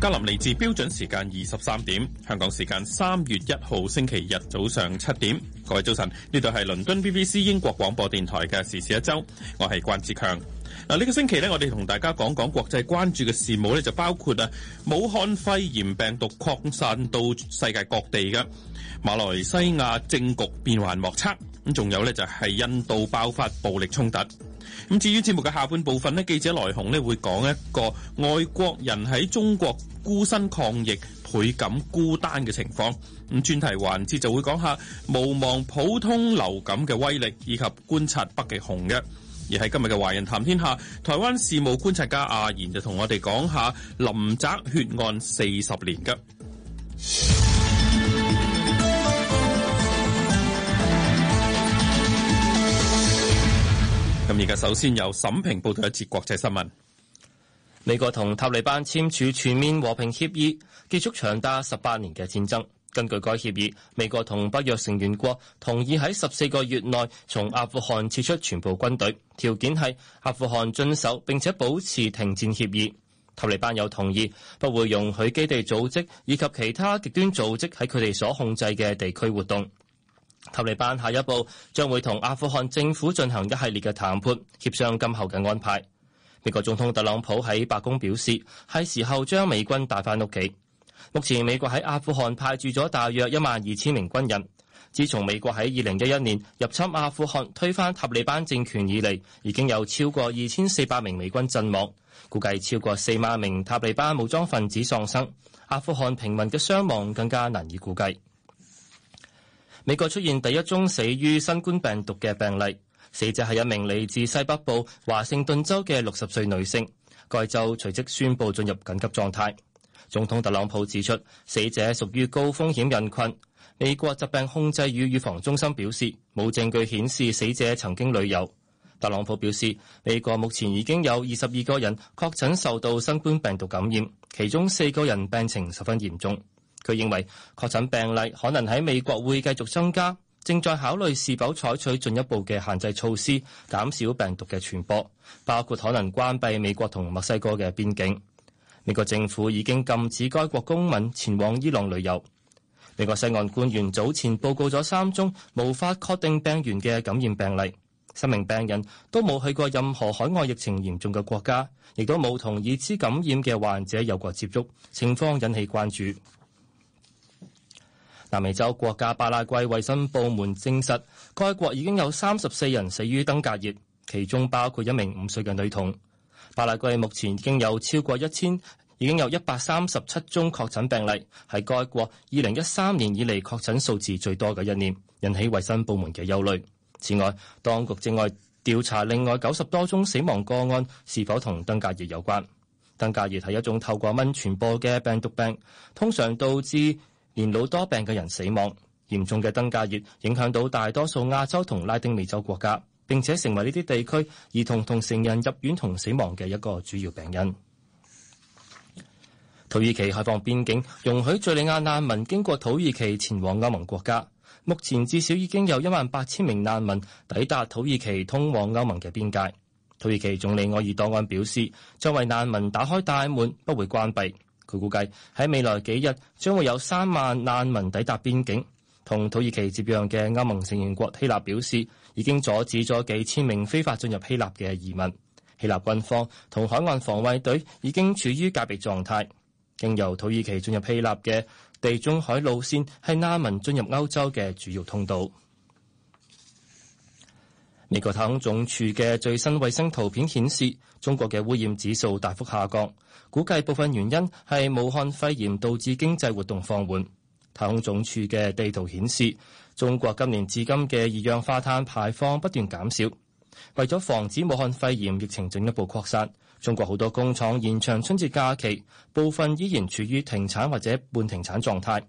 格林嚟自標準時間二十三點，香港時間三月一號星期日早上七點。各位早晨，呢度係倫敦 BBC 英國廣播電台嘅時事一周，我係關志強。嗱、啊，呢、呢個星期咧，我哋同大家講講國際關注嘅事務咧，就包括啊，武漢肺炎病毒擴散到世界各地嘅馬來西亞政局變幻莫測，咁仲有呢就係、是、印度爆發暴力衝突。咁至於節目嘅下半部分咧，記者來紅咧會講一個外國人喺中國孤身抗疫倍感孤單嘅情況。咁專題環節就會講下無忘普通流感嘅威力，以及觀察北極熊嘅。而喺今日嘅《華人談天下》，台灣事務觀察家阿賢就同我哋講下林宅血案四十年嘅。咁而家首先由沈平報道一次國際新聞。美國同塔利班簽署全面和平協議，結束長達十八年嘅戰爭。根據該協議，美國同北約成員國同意喺十四個月內從阿富汗撤出全部軍隊，條件係阿富汗遵守並且保持停戰協議。塔利班有同意不會容許基地組織以及其他極端組織喺佢哋所控制嘅地區活動。塔利班下一步將會同阿富汗政府進行一系列嘅談判，協商今後嘅安排。美國總統特朗普喺白宮表示，係時候將美軍帶翻屋企。目前美國喺阿富汗派駐咗大約一萬二千名軍人。自從美國喺二零一一年入侵阿富汗，推翻塔利班政權以嚟，已經有超過二千四百名美軍陣亡，估計超過四萬名塔利班武裝分子喪生，阿富汗平民嘅傷亡更加難以估計。美國出現第一宗死於新冠病毒嘅病例，死者係一名嚟自西北部華盛頓州嘅六十歲女性，該州隨即宣布進入緊急狀態。總統特朗普指出，死者屬於高風險人群。美國疾病控制與預防中心表示，冇證據顯示死者曾經旅遊。特朗普表示，美國目前已經有二十二個人確診受到新冠病毒感染，其中四個人病情十分嚴重。佢認為確診病例可能喺美國會繼續增加，正在考慮是否採取進一步嘅限制措施，減少病毒嘅傳播，包括可能關閉美國同墨西哥嘅邊境。美國政府已經禁止該國公民前往伊朗旅遊。美國西岸官員早前報告咗三宗無法確定病源嘅感染病例，三名病人都冇去過任何海外疫情嚴重嘅國家，亦都冇同已知感染嘅患者有過接觸，情況引起關注。南美洲國家巴拉圭衛生部門證實，該國已經有三十四人死於登革熱，其中包括一名五歲嘅女童。巴拉圭目前已經有超過一千，已經有一百三十七宗確診病例，係該國二零一三年以嚟確診數字最多嘅一年，引起衛生部門嘅憂慮。此外，當局正外調查另外九十多宗死亡個案是否同登革熱有關。登革熱係一種透過蚊傳播嘅病毒病，通常導致。年老多病嘅人死亡，嚴重嘅登革熱影響到大多數亞洲同拉丁美洲國家，並且成為呢啲地區兒童同成人入院同死亡嘅一個主要病因。土耳其開放邊境，容許敘利亞難民經過土耳其前往歐盟國家。目前至少已經有一萬八千名難民抵達土耳其通往歐盟嘅邊界。土耳其總理愛爾多安表示，作為難民打開大門不會關閉。佢估計喺未來幾日將會有三萬難民抵達邊境。同土耳其接壤嘅歐盟成員國希臘表示，已經阻止咗幾千名非法進入希臘嘅移民。希臘軍方同海岸防衛隊已經處於戒備狀態。經由土耳其進入希臘嘅地中海路線係難民進入歐洲嘅主要通道。美國太空總署嘅最新衛星圖片顯示，中國嘅污染指數大幅下降。估計部分原因係武漢肺炎導致經濟活動放緩。太空總署嘅地圖顯示，中國今年至今嘅二氧化碳排放不斷減少。為咗防止武漢肺炎疫情進一步擴散，中國好多工廠延長春節假期，部分依然處於停產或者半停產狀態。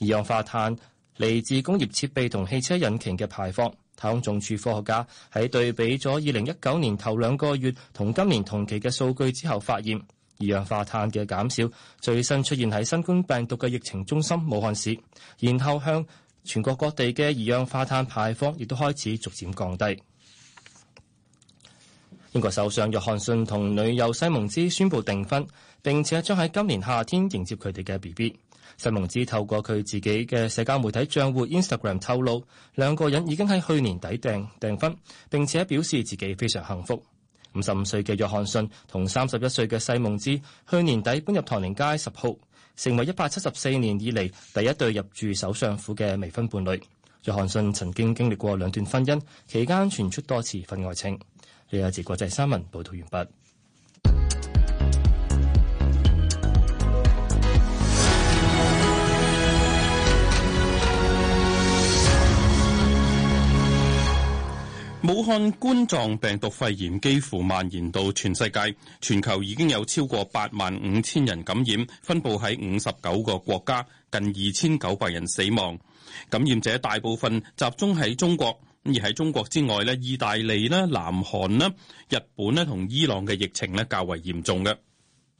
二氧化碳嚟自工業設備同汽車引擎嘅排放。太空總署科學家喺對比咗二零一九年頭兩個月同今年同期嘅數據之後發現。二氧化碳嘅減少，最新出現喺新冠病毒嘅疫情中心武漢市，然後向全國各地嘅二氧化碳排放亦都開始逐漸降低。英國首相約翰遜同女友西蒙茲宣布訂婚，並且將喺今年夏天迎接佢哋嘅 BB。西蒙茲透過佢自己嘅社交媒體賬戶 Instagram 透露，兩個人已經喺去年底訂訂婚，並且表示自己非常幸福。五十五歲嘅約翰遜同三十一歲嘅西蒙茲，去年底搬入唐寧街十號，成為一百七十四年以嚟第一對入住首相府嘅未婚伴侶。約翰遜曾經經歷過兩段婚姻，期間傳出多次婚外情。李亞治國際新聞報道完畢。武漢冠狀病毒肺炎幾乎蔓延到全世界，全球已經有超過八萬五千人感染，分布喺五十九個國家，近二千九百人死亡。感染者大部分集中喺中國，而喺中國之外咧，意大利啦、南韓啦、日本咧同伊朗嘅疫情咧較為嚴重嘅。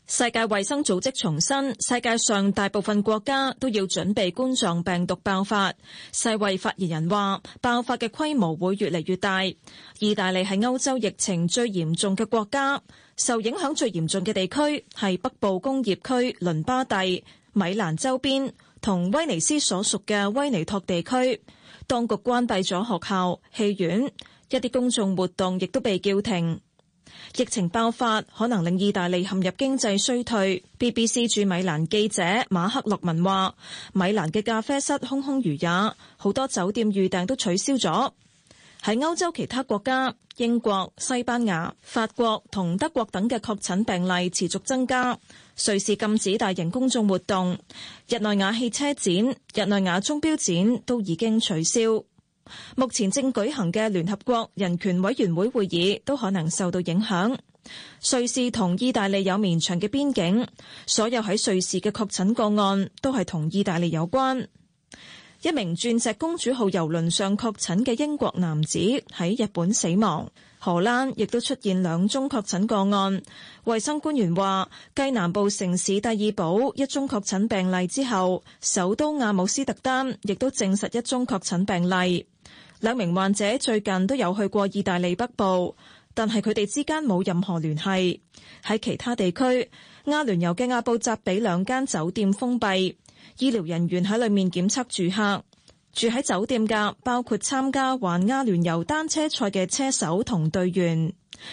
世界衛生組織重申，世界上大部分國家都要準備冠狀病毒爆發。世衛發言人話，爆發嘅規模會越嚟越大。意大利係歐洲疫情最嚴重嘅國家，受影響最嚴重嘅地區係北部工業區倫巴第、米蘭周邊同威尼斯所屬嘅威尼托地區。當局關閉咗學校、戲院，一啲公眾活動亦都被叫停。疫情爆發可能令意大利陷入經濟衰退。BBC 駐米蘭記者馬克洛文話，米蘭嘅咖啡室空空如也，好多酒店預訂都取消咗。喺歐洲其他國家，英國、西班牙、法國同德國等嘅確診病例持續增加，瑞士禁止大型公眾活動。日內瓦汽車展、日內瓦鐘錶展都已經取消。目前正舉行嘅聯合國人權委員會會議都可能受到影響。瑞士同意大利有綿長嘅邊境，所有喺瑞士嘅確診個案都係同意大利有關。一名鑽石公主號郵輪上確診嘅英國男子喺日本死亡，荷蘭亦都出現兩宗確診個案。衛生官員話，繼南部城市第二堡一宗確診病例之後，首都阿姆斯特丹亦都證實一宗確診病例。兩名患者最近都有去過意大利北部，但係佢哋之間冇任何聯繫。喺其他地區，阿聯酋嘅阿布扎比兩間酒店封閉，醫療人員喺裡面檢測住客。住喺酒店嘅，包括參加環阿聯酋單車賽嘅車手同隊員，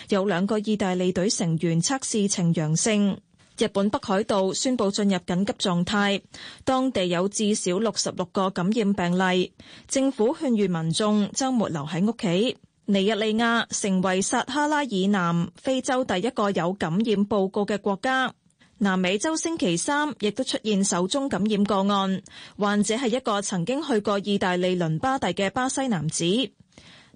有兩個意大利隊成員測試呈陽性。日本北海道宣佈進入緊急狀態，當地有至少六十六個感染病例。政府勸喻民眾周末留喺屋企。尼日利亞成為撒哈拉以南非洲第一個有感染報告嘅國家。南美洲星期三亦都出現首宗感染個案，患者係一個曾經去過意大利倫巴第嘅巴西男子。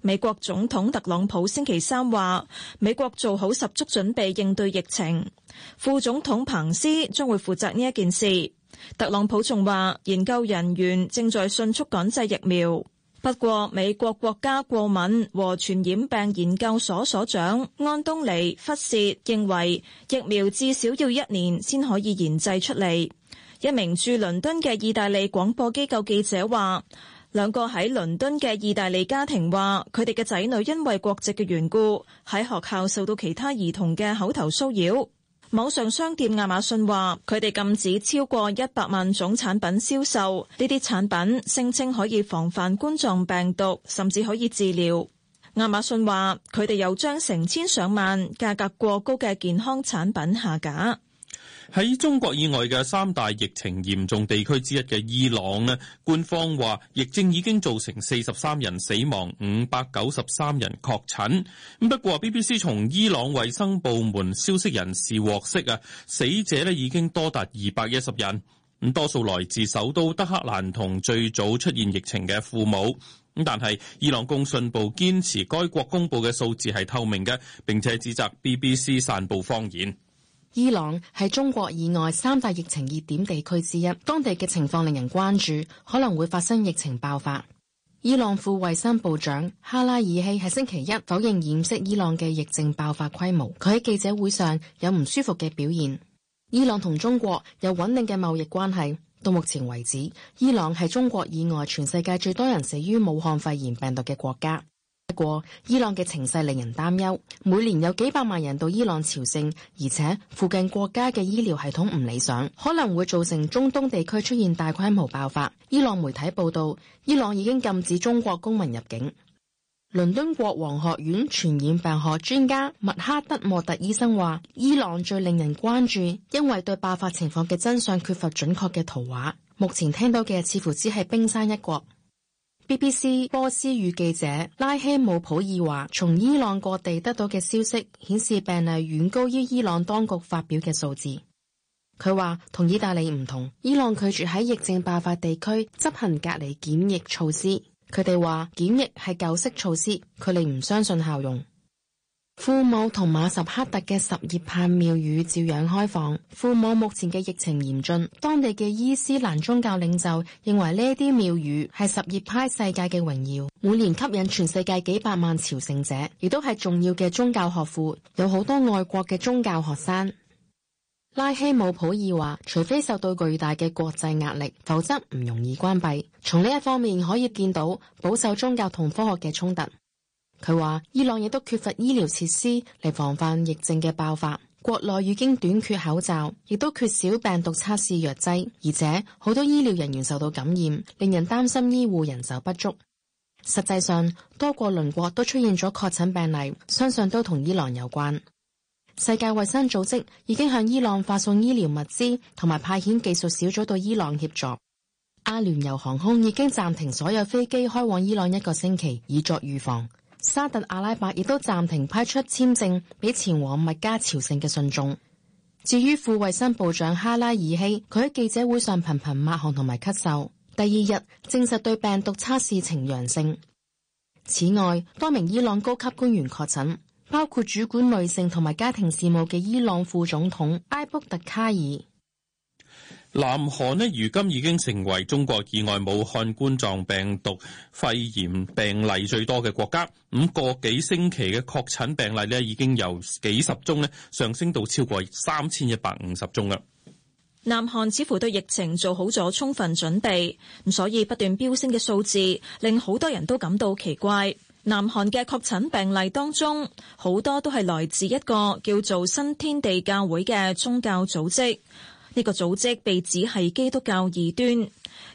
美國總統特朗普星期三話，美國做好十足準備應對疫情。副總統彭斯將會負責呢一件事。特朗普仲話，研究人員正在迅速趕製疫苗。不過，美國國家過敏和傳染病研究所所長安東尼·福謝認為，疫苗至少要一年先可以研製出嚟。一名駐倫敦嘅意大利廣播機構記者話。兩個喺倫敦嘅意大利家庭話，佢哋嘅仔女因為國籍嘅緣故，喺學校受到其他兒童嘅口頭騷擾。網上商店亞馬遜話，佢哋禁止超過一百萬種產品銷售。呢啲產品聲稱可以防範冠狀病毒，甚至可以治療。亞馬遜話，佢哋又將成千上萬價格過高嘅健康產品下架。喺中國以外嘅三大疫情嚴重地區之一嘅伊朗咧，官方話疫症已經造成四十三人死亡、五百九十三人確診。不過 BBC 從伊朗衛生部門消息人士獲悉啊，死者咧已經多達二百一十人，多數來自首都德黑蘭同最早出現疫情嘅庫姆。但係伊朗共信部堅持該國公布嘅數字係透明嘅，並且指責 BBC 散佈謊言。伊朗係中國以外三大疫情熱點地區之一，當地嘅情況令人關注，可能會發生疫情爆發。伊朗副衛生部長哈拉爾希喺星期一否認掩飾伊朗嘅疫症爆發規模，佢喺記者會上有唔舒服嘅表現。伊朗同中國有穩定嘅貿易關係，到目前為止，伊朗係中國以外全世界最多人死於武漢肺炎病毒嘅國家。不過，伊朗嘅情勢令人擔憂。每年有幾百萬人到伊朗朝聖，而且附近國家嘅醫療系統唔理想，可能會造成中東地區出現大規模爆發。伊朗媒體報道，伊朗已經禁止中國公民入境。倫敦國王學院傳染病學專家麥克德莫特醫生話：伊朗最令人關注，因為對爆發情況嘅真相缺乏準確嘅圖畫。目前聽到嘅似乎只係冰山一角。BBC 波斯語記者拉希姆普爾話，從伊朗各地得到嘅消息顯示，病例遠高於伊朗當局發表嘅數字。佢話同意大利唔同，伊朗拒絕喺疫症爆發地區執行隔離檢疫措施。佢哋話檢疫係舊式措施，佢哋唔相信效用。庫姆同馬什克特嘅什葉派廟宇照樣開放。庫姆目前嘅疫情嚴峻，當地嘅伊斯蘭宗教領袖認為呢啲廟宇係什葉派世界嘅榮耀，每年吸引全世界幾百萬朝聖者，亦都係重要嘅宗教學府，有好多外國嘅宗教學生。拉希姆普爾話，除非受到巨大嘅國際壓力，否則唔容易關閉。從呢一方面可以見到保守宗教同科學嘅衝突。佢話，伊朗亦都缺乏醫療設施嚟防範疫症嘅爆發，國內已經短缺口罩，亦都缺少病毒測試藥劑，而且好多醫療人員受到感染，令人擔心醫護人手不足。實際上，多個鄰國都出現咗確診病例，相信都同伊朗有關。世界衛生組織已經向伊朗發送醫療物資，同埋派遣技術小組到伊朗協助。阿聯酋航空已經暫停所有飛機開往伊朗一個星期，以作預防。沙特阿拉伯亦都暫停批出簽證俾前往麥加朝聖嘅信眾。至於副衛生部長哈拉爾希，佢喺記者會上頻頻抹汗同埋咳嗽。第二日證實對病毒測試呈陽性。此外，多名伊朗高級官員確診，包括主管女性同埋家庭事務嘅伊朗副總統埃卜特卡爾。南韓咧，如今已經成為中國以外武漢冠狀病毒肺炎病例最多嘅國家。五個幾星期嘅確診病例咧，已經由幾十宗咧上升到超過三千一百五十宗啦。南韓似乎對疫情做好咗充分準備，咁所以不斷飆升嘅數字令好多人都感到奇怪。南韓嘅確診病例當中，好多都係來自一個叫做新天地教會嘅宗教組織。呢個組織被指係基督教異端，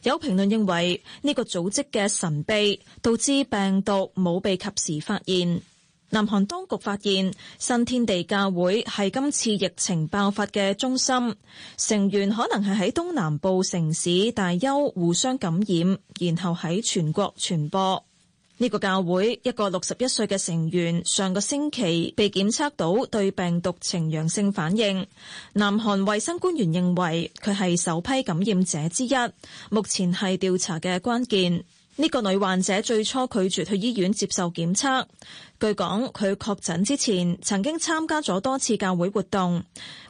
有評論認為呢個組織嘅神秘導致病毒冇被及時發現。南韓當局發現新天地教會係今次疫情爆發嘅中心，成員可能係喺東南部城市大邱互相感染，然後喺全國傳播。呢個教會一個六十一歲嘅成員，上個星期被檢測到對病毒呈陽性反應。南韓衞生官員認為佢係首批感染者之一，目前係調查嘅關鍵。呢個女患者最初拒絕去醫院接受檢測。據講，佢確診之前曾經參加咗多次教會活動。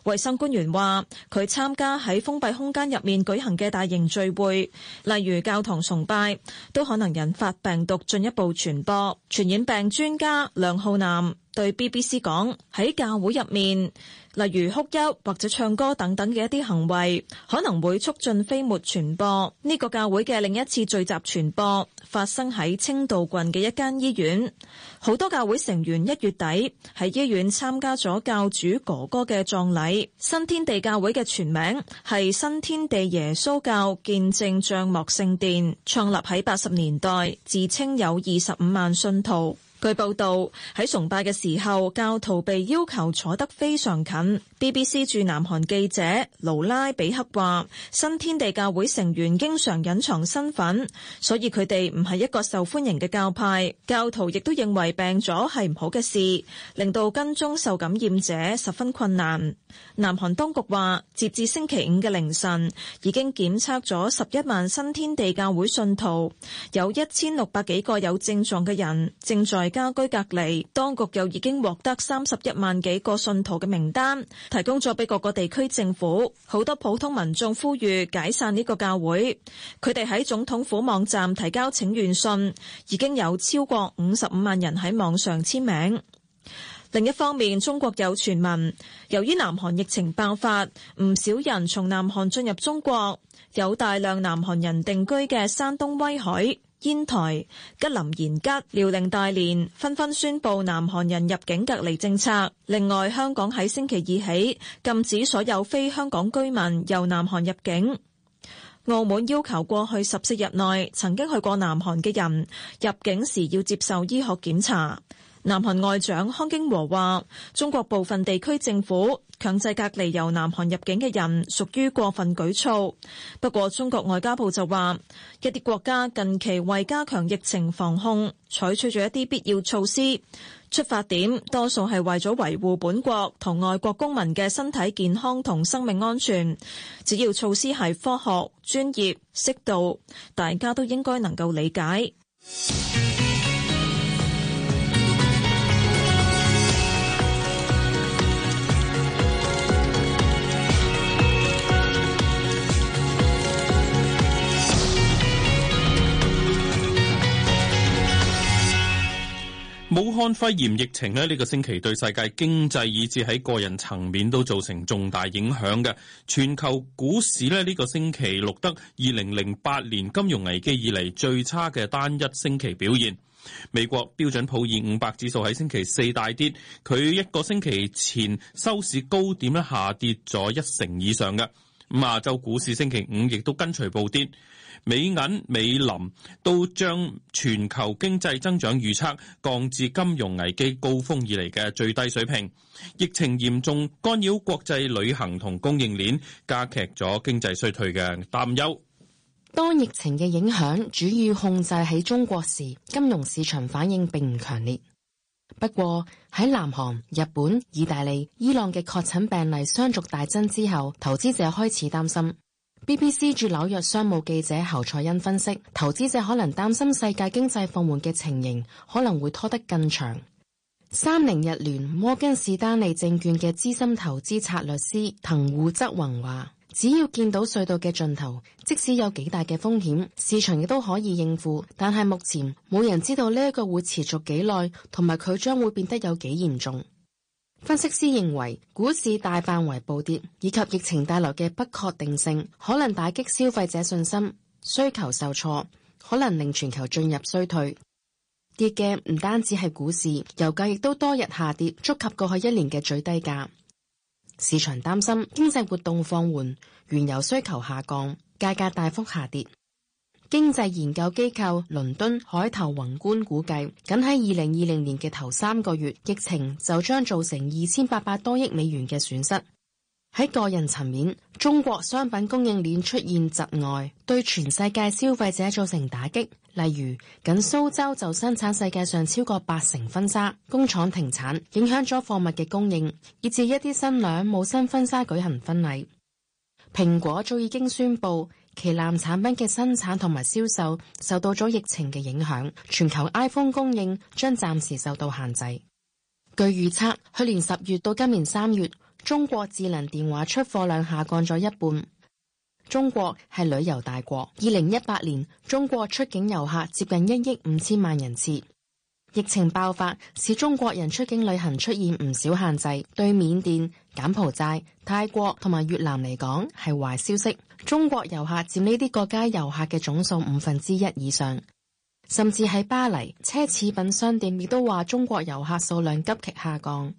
衛生官員話，佢參加喺封閉空間入面舉行嘅大型聚會，例如教堂崇拜，都可能引發病毒進一步傳播。傳染病專家梁浩南。對 BBC 講喺教會入面，例如哭泣或者唱歌等等嘅一啲行為，可能會促進飛沫傳播。呢個教會嘅另一次聚集傳播發生喺清道郡嘅一間醫院，好多教會成員一月底喺醫院參加咗教主哥哥嘅葬禮。新天地教會嘅全名係新天地耶穌教見證帳幕聖殿，創立喺八十年代，自稱有二十五萬信徒。據報道，喺崇拜嘅時候，教徒被要求坐得非常近。BBC 駐南韓記者盧拉比克話：新天地教會成員經常隱藏身份，所以佢哋唔係一個受歡迎嘅教派。教徒亦都認為病咗係唔好嘅事，令到跟蹤受感染者十分困難。南韓當局話，截至星期五嘅凌晨，已經檢測咗十一萬新天地教會信徒，有一千六百幾個有症狀嘅人正在家居隔離。當局又已經獲得三十一萬幾個信徒嘅名單。提供咗俾各個地區政府，好多普通民眾呼籲解散呢個教會。佢哋喺總統府網站提交請願信，已經有超過五十五萬人喺網上簽名。另一方面，中國有傳聞，由於南韓疫情爆發，唔少人從南韓進入中國，有大量南韓人定居嘅山東威海。煙台、吉林延吉、遼寧大連紛紛宣布南韓人入境隔離政策。另外，香港喺星期二起禁止所有非香港居民由南韓入境。澳門要求過去十四日內曾經去過南韓嘅人入境時要接受醫學檢查。南韓外長康京和話：中國部分地區政府強制隔離由南韓入境嘅人，屬於過分舉措。不過中國外交部就話，一啲國家近期為加強疫情防控，採取咗一啲必要措施，出發點多數係為咗維護本國同外國公民嘅身體健康同生命安全。只要措施係科學、專業、適度，大家都應該能夠理解。武漢肺炎疫情，呢呢個星期對世界經濟以至喺個人層面都造成重大影響嘅，全球股市呢呢個星期錄得二零零八年金融危機以嚟最差嘅單一星期表現。美國標準普爾五百指數喺星期四大跌，佢一個星期前收市高點呢下跌咗一成以上嘅。咁亞洲股市星期五亦都跟隨暴跌。美銀、美林，都將全球經濟增長預測降至金融危機高峰以來嘅最低水平。疫情嚴重干擾國際旅行同供應鏈，加劇咗經濟衰退嘅擔憂。當疫情嘅影響主要控制喺中國時，金融市場反應並唔強烈。不過，喺南韓、日本、意大利、伊朗嘅確診病例相續大增之後，投資者開始擔心。BBC 駐紐約商務記者侯賽恩分析，投資者可能擔心世界經濟放緩嘅情形可能會拖得更長。三菱日聯摩根士丹利證券嘅資深投資策略師藤戶則宏話：，只要見到隧道嘅盡頭，即使有幾大嘅風險，市場亦都可以應付。但係目前冇人知道呢一個會持續幾耐，同埋佢將會變得有幾嚴重。分析師認為，股市大範圍暴跌以及疫情帶來嘅不確定性，可能打擊消費者信心，需求受挫，可能令全球進入衰退。跌嘅唔單止係股市，油價亦都多日下跌，觸及過去一年嘅最低價。市場擔心經濟活動放緩，原油需求下降，價格大幅下跌。經濟研究機構倫敦海投宏觀估計，僅喺二零二零年嘅頭三個月，疫情就將造成二千八百多億美元嘅損失。喺個人層面，中國商品供應鏈出現窒礙，對全世界消費者造成打擊。例如，僅蘇州就生產世界上超過八成婚紗，工廠停產，影響咗貨物嘅供應，以至一啲新娘冇新婚紗舉行婚禮。蘋果早已經宣布。旗艦產品嘅生產同埋銷售受到咗疫情嘅影響，全球 iPhone 供應將暫時受到限制。據預測，去年十月到今年三月，中國智能電話出貨量下降咗一半。中國係旅遊大國，二零一八年中國出境遊客接近一億五千萬人次。疫情爆發使中國人出境旅行出現唔少限制，對緬甸、柬埔寨、泰國同埋越南嚟講係壞消息。中國遊客佔呢啲國家遊客嘅總數五分之一以上，甚至喺巴黎奢侈品商店亦都話中國遊客數量急劇下降。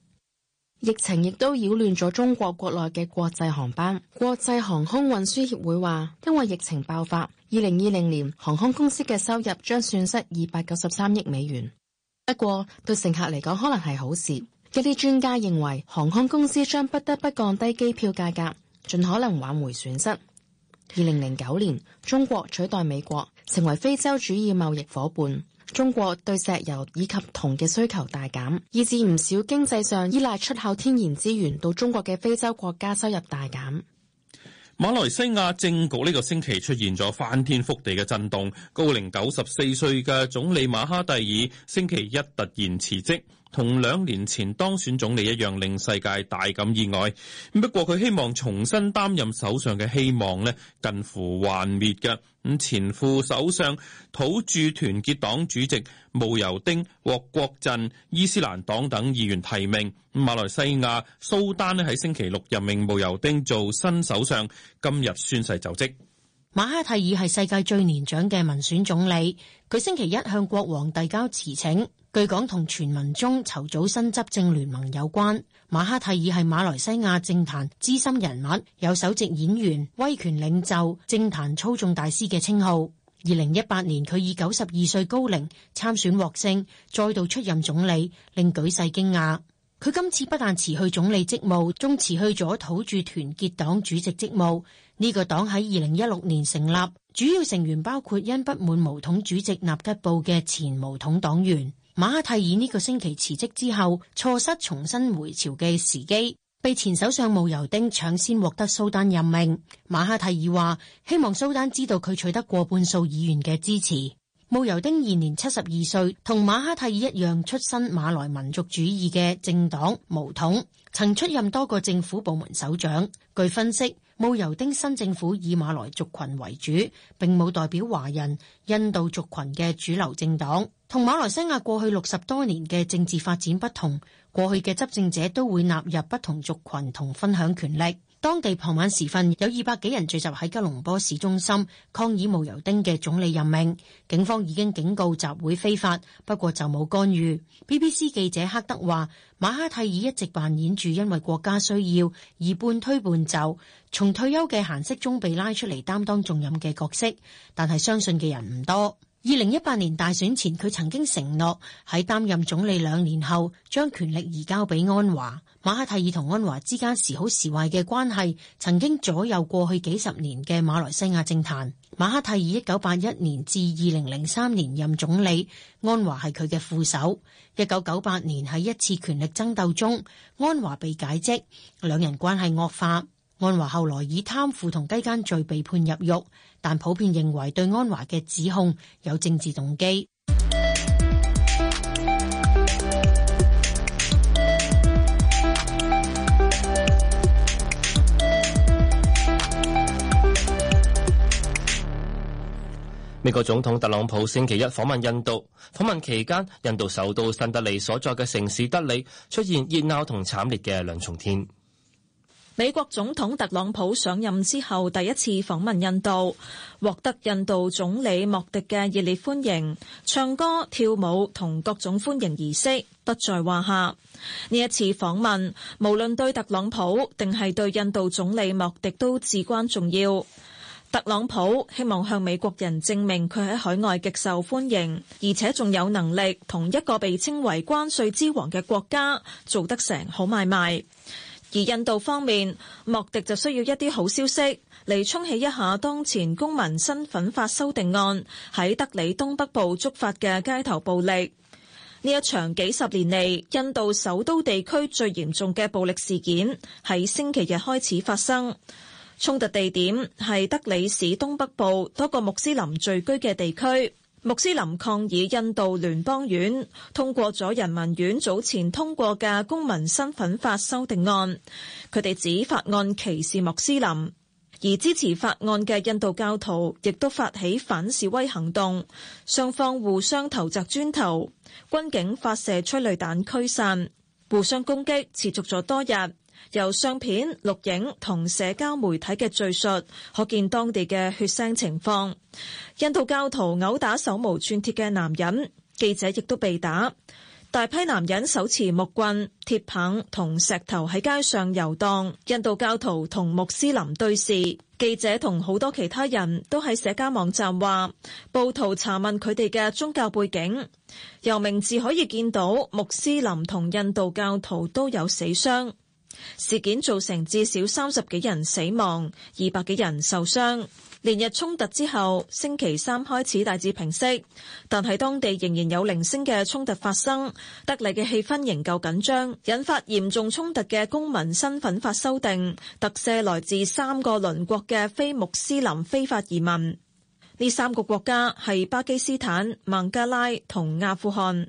疫情亦都擾亂咗中國國內嘅國際航班。國際航空運輸協會話，因為疫情爆發，二零二零年航空公司嘅收入將損失二百九十三億美元。不過對乘客嚟講，可能係好事。一啲專家認為，航空公司將不得不降低機票價格，盡可能挽回損失。二零零九年，中國取代美國成為非洲主要貿易伙伴。中國對石油以及銅嘅需求大減，以致唔少經濟上依賴出口天然資源到中國嘅非洲國家收入大減。馬來西亞政局呢個星期出現咗翻天覆地嘅震動，高齡九十四歲嘅總理馬哈蒂爾星期一突然辭職。同兩年前當選總理一樣，令世界大感意外。不過佢希望重新擔任首相嘅希望咧，近乎幻滅嘅。咁前副首相土著團結黨主席慕尤丁，獲國陣、伊斯蘭黨等議員提名，馬來西亞蘇丹咧喺星期六任命慕尤丁做新首相，今日宣誓就職。馬哈蒂爾係世界最年長嘅民選總理，佢星期一向國王遞交辭呈。據講，同傳聞中籌組新執政聯盟有關。馬哈蒂爾係馬來西亞政壇資深人物，有首席演員、威權領袖、政壇操縱大師嘅稱號。二零一八年，佢以九十二歲高齡參選獲勝，再度出任總理，令舉世驚訝。佢今次不但辭去總理職務，仲辭去咗土著團結黨主席職務。呢個黨喺二零一六年成立，主要成員包括因不滿毛統主席納吉布嘅前毛統黨員。馬哈蒂爾呢個星期辭職之後，錯失重新回朝嘅時機，被前首相慕尤丁搶先獲得蘇丹任命。馬哈蒂爾話，希望蘇丹知道佢取得過半數議員嘅支持。慕尤丁現年七十二歲，同馬哈蒂爾一樣出身馬來民族主義嘅政黨巫統，曾出任多個政府部門首長。據分析，慕尤丁新政府以馬來族群為主，並冇代表華人、印度族群嘅主流政黨。同馬來西亞過去六十多年嘅政治發展不同，過去嘅執政者都會納入不同族群同分享權力。當地傍晚時分，有二百幾人聚集喺吉隆坡市中心抗議慕尤丁嘅總理任命，警方已經警告集會非法，不過就冇干預。BBC 記者克德話：馬哈蒂爾一直扮演住因為國家需要而半推半就，從退休嘅閒適中被拉出嚟擔當重任嘅角色，但係相信嘅人唔多。二零一八年大選前，佢曾經承諾喺擔任總理兩年後，將權力移交俾安華。馬哈蒂爾同安華之間時好時壞嘅關係，曾經左右過去幾十年嘅馬來西亞政壇。馬哈蒂爾一九八一年至二零零三年任總理，安華係佢嘅副手。一九九八年喺一次權力爭鬥中，安華被解職，兩人關係惡化。安華後來以貪腐同雞姦罪被判入獄，但普遍認為對安華嘅指控有政治動機。美國總統特朗普星期一訪問印度。訪問期間，印度首都新德里所在嘅城市德里出現熱鬧同慘烈嘅兩重天。美國總統特朗普上任之後第一次訪問印度，獲得印度總理莫迪嘅熱烈歡迎，唱歌跳舞同各種歡迎儀式不在話下。呢一次訪問無論對特朗普定係對印度總理莫迪都至關重要。特朗普希望向美國人證明佢喺海外極受歡迎，而且仲有能力同一個被稱為關稅之王嘅國家做得成好買賣。而印度方面，莫迪就需要一啲好消息嚟沖起一下，當前公民身份法修訂案喺德里東北部觸發嘅街頭暴力。呢一場幾十年嚟印度首都地區最嚴重嘅暴力事件，喺星期日開始發生。衝突地點係德里市東北部多個穆斯林聚居嘅地區。穆斯林抗議印度聯邦院通過咗人民院早前通過嘅公民身份法修訂案，佢哋指法案歧視穆斯林，而支持法案嘅印度教徒亦都發起反示威行動，雙方互相投擲磚頭，軍警發射催淚彈驅散，互相攻擊持續咗多日。由相片、錄影同社交媒體嘅敘述，可見當地嘅血腥情況。印度教徒毆打手無寸鐵嘅男人，記者亦都被打。大批男人手持木棍、鐵棒同石頭喺街上遊蕩。印度教徒同穆斯林對視，記者同好多其他人都喺社交網站話暴徒查問佢哋嘅宗教背景。由名字可以見到，穆斯林同印度教徒都有死傷。事件造成至少三十幾人死亡，二百幾人受傷。連日衝突之後，星期三開始大致平息，但係當地仍然有零星嘅衝突發生。德里嘅氣氛仍舊緊張，引發嚴重衝突嘅公民身份法修訂，特赦來自三個鄰國嘅非穆斯林非法移民。呢三個國家係巴基斯坦、孟加拉同阿富汗。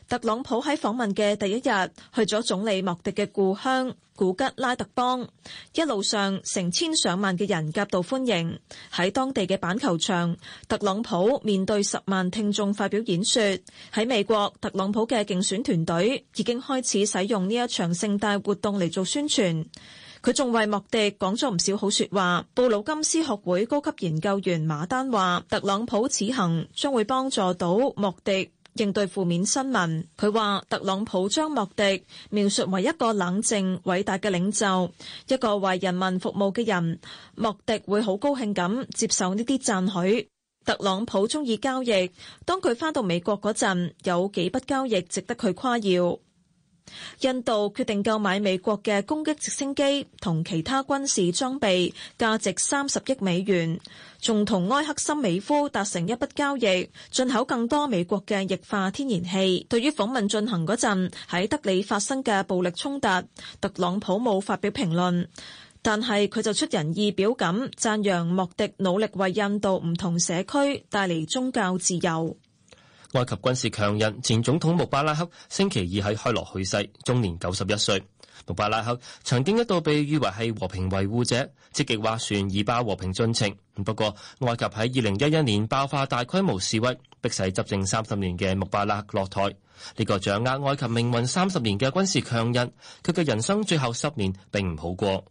特朗普喺訪問嘅第一日，去咗總理莫迪嘅故鄉古吉拉特邦，一路上成千上萬嘅人夾道歡迎。喺當地嘅板球場，特朗普面對十萬聽眾發表演說。喺美國，特朗普嘅競選團隊已經開始使用呢一場盛大活動嚟做宣傳。佢仲為莫迪講咗唔少好說話。布魯金斯學會高級研究員馬丹話，特朗普此行將會幫助到莫迪。應對負面新聞，佢話特朗普將莫迪描述為一個冷靜、偉大嘅領袖，一個為人民服務嘅人。莫迪會好高興咁接受呢啲讚許。特朗普中意交易，當佢返到美國嗰陣，有幾筆交易值得佢誇耀。印度決定購買美國嘅攻擊直升機同其他軍事裝備，價值三十億美元，仲同埃克森美孚達成一筆交易，進口更多美國嘅液化天然氣。對於訪問進行嗰陣喺德里發生嘅暴力衝突，特朗普冇發表評論，但係佢就出人意表咁讚揚莫迪努力為印度唔同社區帶嚟宗教自由。埃及軍事強人前總統穆巴拉克星期二喺開羅去世，終年九十一歲。穆巴拉克曾經一度被譽為係和平維護者，積極斡旋以巴和平進程。不過，埃及喺二零一一年爆發大規模示威，迫使執政三十年嘅穆巴拉克落台。呢、這個掌握埃及命運三十年嘅軍事強人，佢嘅人生最後十年並唔好過。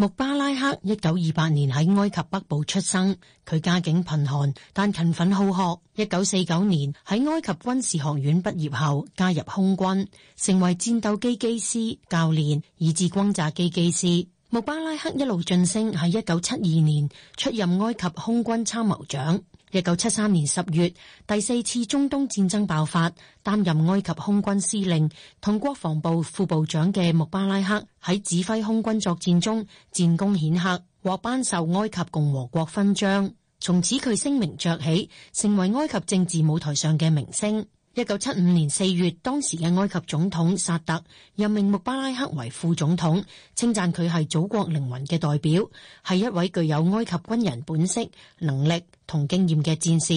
穆巴拉克一九二八年喺埃及北部出生，佢家境貧寒，但勤奮好學。一九四九年喺埃及軍事學院畢業後，加入空軍，成為戰鬥機機師、教練，以至轟炸機機師。穆巴拉克一路晉升，喺一九七二年出任埃及空軍參謀長。一九七三年十月，第四次中東戰爭爆發，擔任埃及空軍司令同國防部副部長嘅穆巴拉克喺指揮空軍作戰中戰功顯赫，獲頒授埃及共和國勳章。從此佢聲名鵲起，成為埃及政治舞台上嘅明星。一九七五年四月，當時嘅埃及總統薩特任命穆巴拉克為副總統，稱讚佢係祖國靈魂嘅代表，係一位具有埃及軍人本色能力同經驗嘅戰士。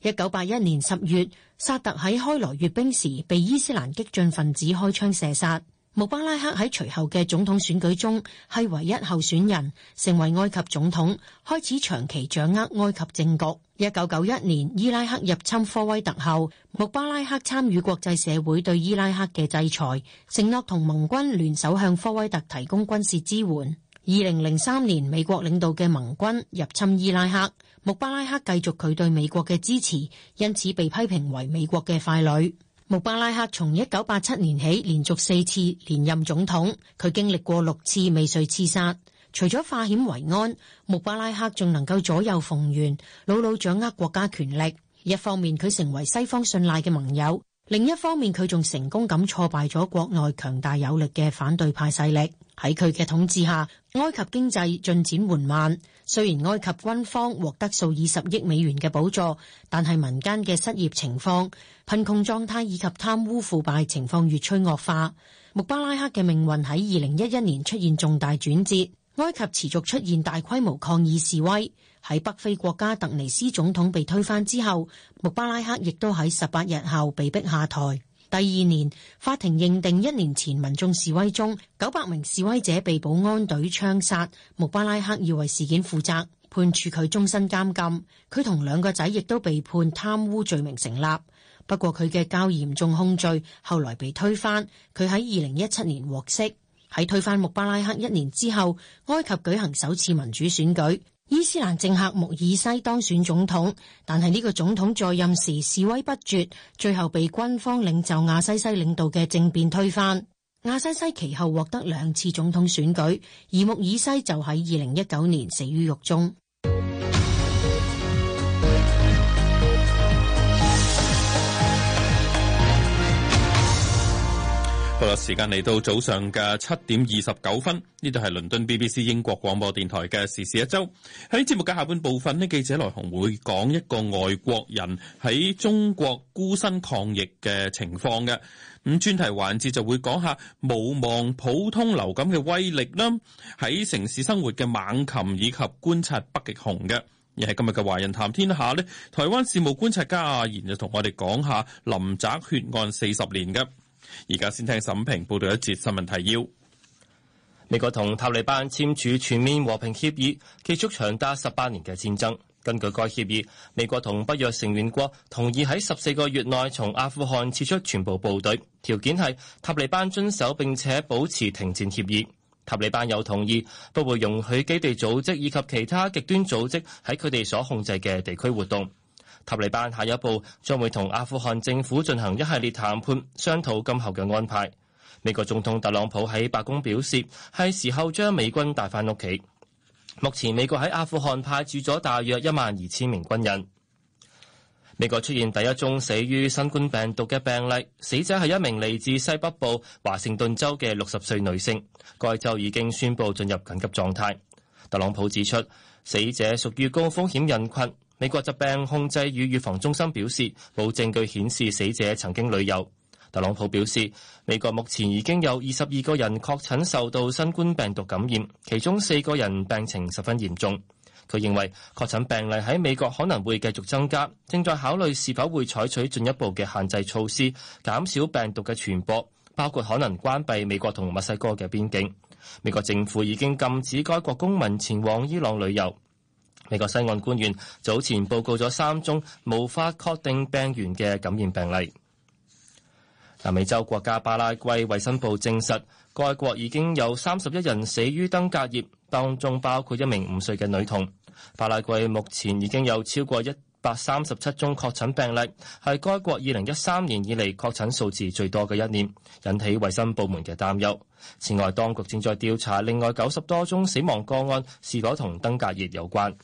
一九八一年十月，沙特喺開羅閱兵時被伊斯蘭激進分子開槍射殺。穆巴拉克喺隨後嘅總統選舉中係唯一候選人，成為埃及總統，開始長期掌握埃及政局。一九九一年，伊拉克入侵科威特後，穆巴拉克參與國際社會對伊拉克嘅制裁，承諾同盟軍聯手向科威特提供軍事支援。二零零三年，美國領導嘅盟軍入侵伊拉克。穆巴拉克繼續佢對美國嘅支持，因此被批評為美國嘅傀儡。穆巴拉克從一九八七年起連續四次連任總統，佢經歷過六次未遂刺殺，除咗化險為安，穆巴拉克仲能夠左右逢源，牢牢掌握國家權力。一方面佢成為西方信賴嘅盟友，另一方面佢仲成功咁挫敗咗國內強大有力嘅反對派勢力。喺佢嘅統治下，埃及經濟進展緩慢。雖然埃及軍方獲得數以十億美元嘅補助，但係民間嘅失業情況、貧窮狀態以及貪污腐敗情況越趨惡化。穆巴拉克嘅命運喺二零一一年出現重大轉折。埃及持續出現大規模抗議示威。喺北非國家突尼斯總統被推翻之後，穆巴拉克亦都喺十八日後被逼下台。第二年，法庭認定一年前民眾示威中九百名示威者被保安隊槍殺，穆巴拉克要為事件負責，判處佢終身監禁。佢同兩個仔亦都被判貪污罪名成立，不過佢嘅較嚴重控罪後來被推翻。佢喺二零一七年獲釋。喺推翻穆巴拉克一年之後，埃及舉行首次民主選舉。伊斯蘭政客穆爾西當選總統，但係呢個總統在任時示威不絕，最後被軍方領袖亞西西領導嘅政變推翻。亞西西其後獲得兩次總統選舉，而穆爾西就喺二零一九年死於獄中。好啦，時間嚟到早上嘅七點二十九分，呢度係倫敦 BBC 英國廣播電台嘅時事一周。喺節目嘅下半部分，呢記者來紅會講一個外國人喺中國孤身抗疫嘅情況嘅。咁專題環節就會講下無忘普通流感嘅威力啦，喺城市生活嘅猛禽以及觀察北極熊嘅。而係今日嘅華人談天下呢，台灣事務觀察家阿賢就同我哋講下林宅血案四十年嘅。而家先聽沈平報道一節新聞提要。美國同塔利班簽署全面和平協議，結束長達十八年嘅戰爭。根據該協議，美國同北約成員國同意喺十四個月內從阿富汗撤出全部部隊，條件係塔利班遵守並且保持停戰協議。塔利班又同意不會容許基地組織以及其他極端組織喺佢哋所控制嘅地區活動。塔利班下一步將會同阿富汗政府進行一系列談判，商討今後嘅安排。美國總統特朗普喺白宮表示，係時候將美軍帶返屋企。目前美國喺阿富汗派駐咗大約一萬二千名軍人。美國出現第一宗死於新冠病毒嘅病例，死者係一名嚟自西北部華盛頓州嘅六十歲女性，該州已經宣布進入緊急狀態。特朗普指出，死者屬於高風險人群。美國疾病控制與預防中心表示，冇證據顯示死者曾經旅遊，特朗普表示，美國目前已經有二十二個人確診受到新冠病毒感染，其中四個人病情十分嚴重。佢認為確診病例喺美國可能會繼續增加，正在考慮是否會採取進一步嘅限制措施，減少病毒嘅傳播，包括可能關閉美國同墨西哥嘅邊境。美國政府已經禁止該國公民前往伊朗旅遊。美國西岸官員早前報告咗三宗無法確定病源嘅感染病例。南美洲國家巴拉圭衞生部證實，該國已經有三十一人死於登革熱，當中包括一名五歲嘅女童。巴拉圭目前已經有超過一百三十七宗確診病例，係該國二零一三年以嚟確診數字最多嘅一年，引起衞生部門嘅擔憂。此外，當局正在調查另外九十多宗死亡個案是否同登革熱有關。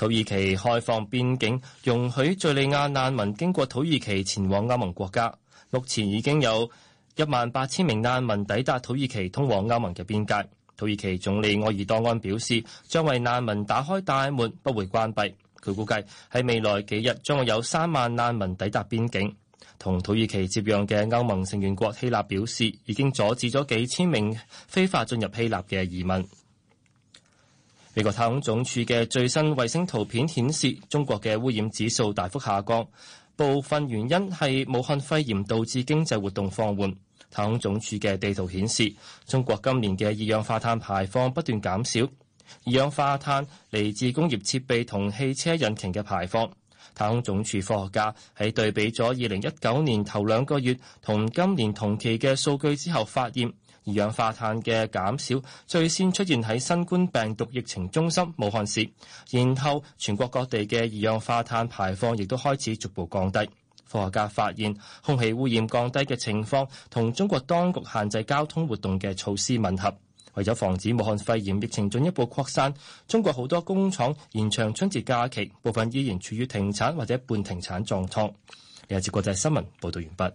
土耳其開放邊境，容許敘利亞難民經過土耳其前往歐盟國家。目前已經有一萬八千名難民抵達土耳其通往歐盟嘅邊界。土耳其總理埃爾多安表示，將為難民打開大門，不會關閉。佢估計喺未來幾日將會有三萬難民抵達邊境。同土耳其接壤嘅歐盟成員國希臘表示，已經阻止咗幾千名非法進入希臘嘅移民。美國太空總署嘅最新衛星圖片顯示，中國嘅污染指數大幅下降，部分原因係武漢肺炎導致經濟活動放緩。太空總署嘅地圖顯示，中國今年嘅二氧化碳排放不斷減少，二氧化碳嚟自工業設備同汽車引擎嘅排放。太空總署科學家喺對比咗二零一九年頭兩個月同今年同期嘅數據之後發現。二氧化碳嘅減少最先出現喺新冠病毒疫情中心武漢市，然後全國各地嘅二氧化碳排放亦都開始逐步降低。科學家發現空氣污染降低嘅情況同中國當局限制交通活動嘅措施吻合。為咗防止武漢肺炎疫情進一步擴散，中國好多工廠延長春節假期，部分依然處於停產或者半停產狀況，呢一節國際新聞報道完畢。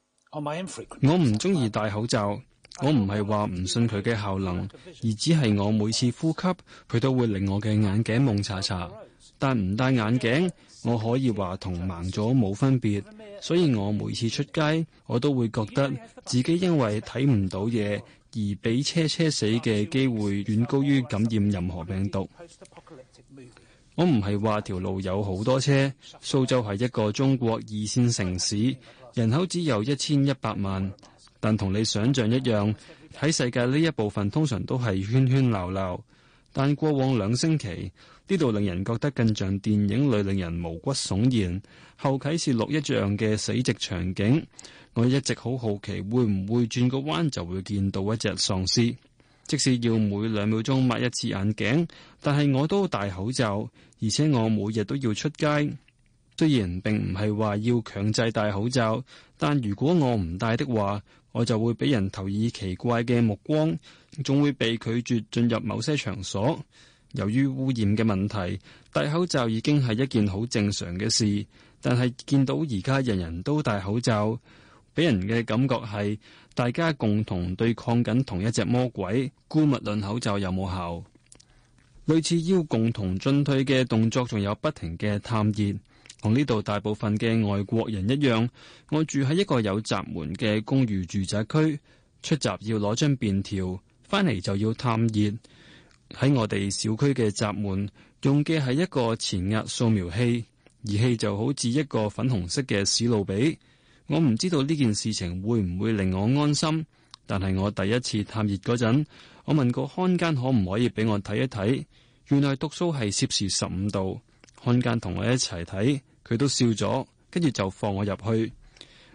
我唔中意戴口罩，我唔係話唔信佢嘅效能，而只係我每次呼吸佢都會令我嘅眼鏡蒙查查。但唔戴眼鏡，我可以話同盲咗冇分別。所以我每次出街，我都會覺得自己因為睇唔到嘢而俾車車死嘅機會遠高於感染任何病毒。我唔係話條路有好多車，蘇州係一個中國二線城市。人口只有一千一百萬，但同你想象一樣，喺世界呢一部分通常都係圈圈流流。但過往兩星期，呢度令人覺得更像電影裏令人毛骨悚然、後啟示錄一樣嘅死寂場景。我一直好好奇，會唔會轉個彎就會見到一隻喪屍？即使要每兩秒鐘抹一次眼鏡，但係我都戴口罩，而且我每日都要出街。雖然並唔係話要強制戴口罩，但如果我唔戴的話，我就會俾人投以奇怪嘅目光，仲會被拒絕進入某些場所。由於污染嘅問題，戴口罩已經係一件好正常嘅事。但係見到而家人人都戴口罩，俾人嘅感覺係大家共同對抗緊同一隻魔鬼。姑勿論口罩有冇效？類似要共同進退嘅動作，仲有不停嘅探熱。同呢度大部分嘅外國人一樣，我住喺一個有閘門嘅公寓住宅區，出閘要攞張便條，翻嚟就要探熱。喺我哋小區嘅閘門用嘅係一個前壓掃描器儀器，就好似一個粉紅色嘅史路比。我唔知道呢件事情會唔會令我安心，但係我第一次探熱嗰陣，我問個看更可唔可以俾我睇一睇，原來讀數係攝氏十五度。看更同我一齊睇。佢都笑咗，跟住就放我入去。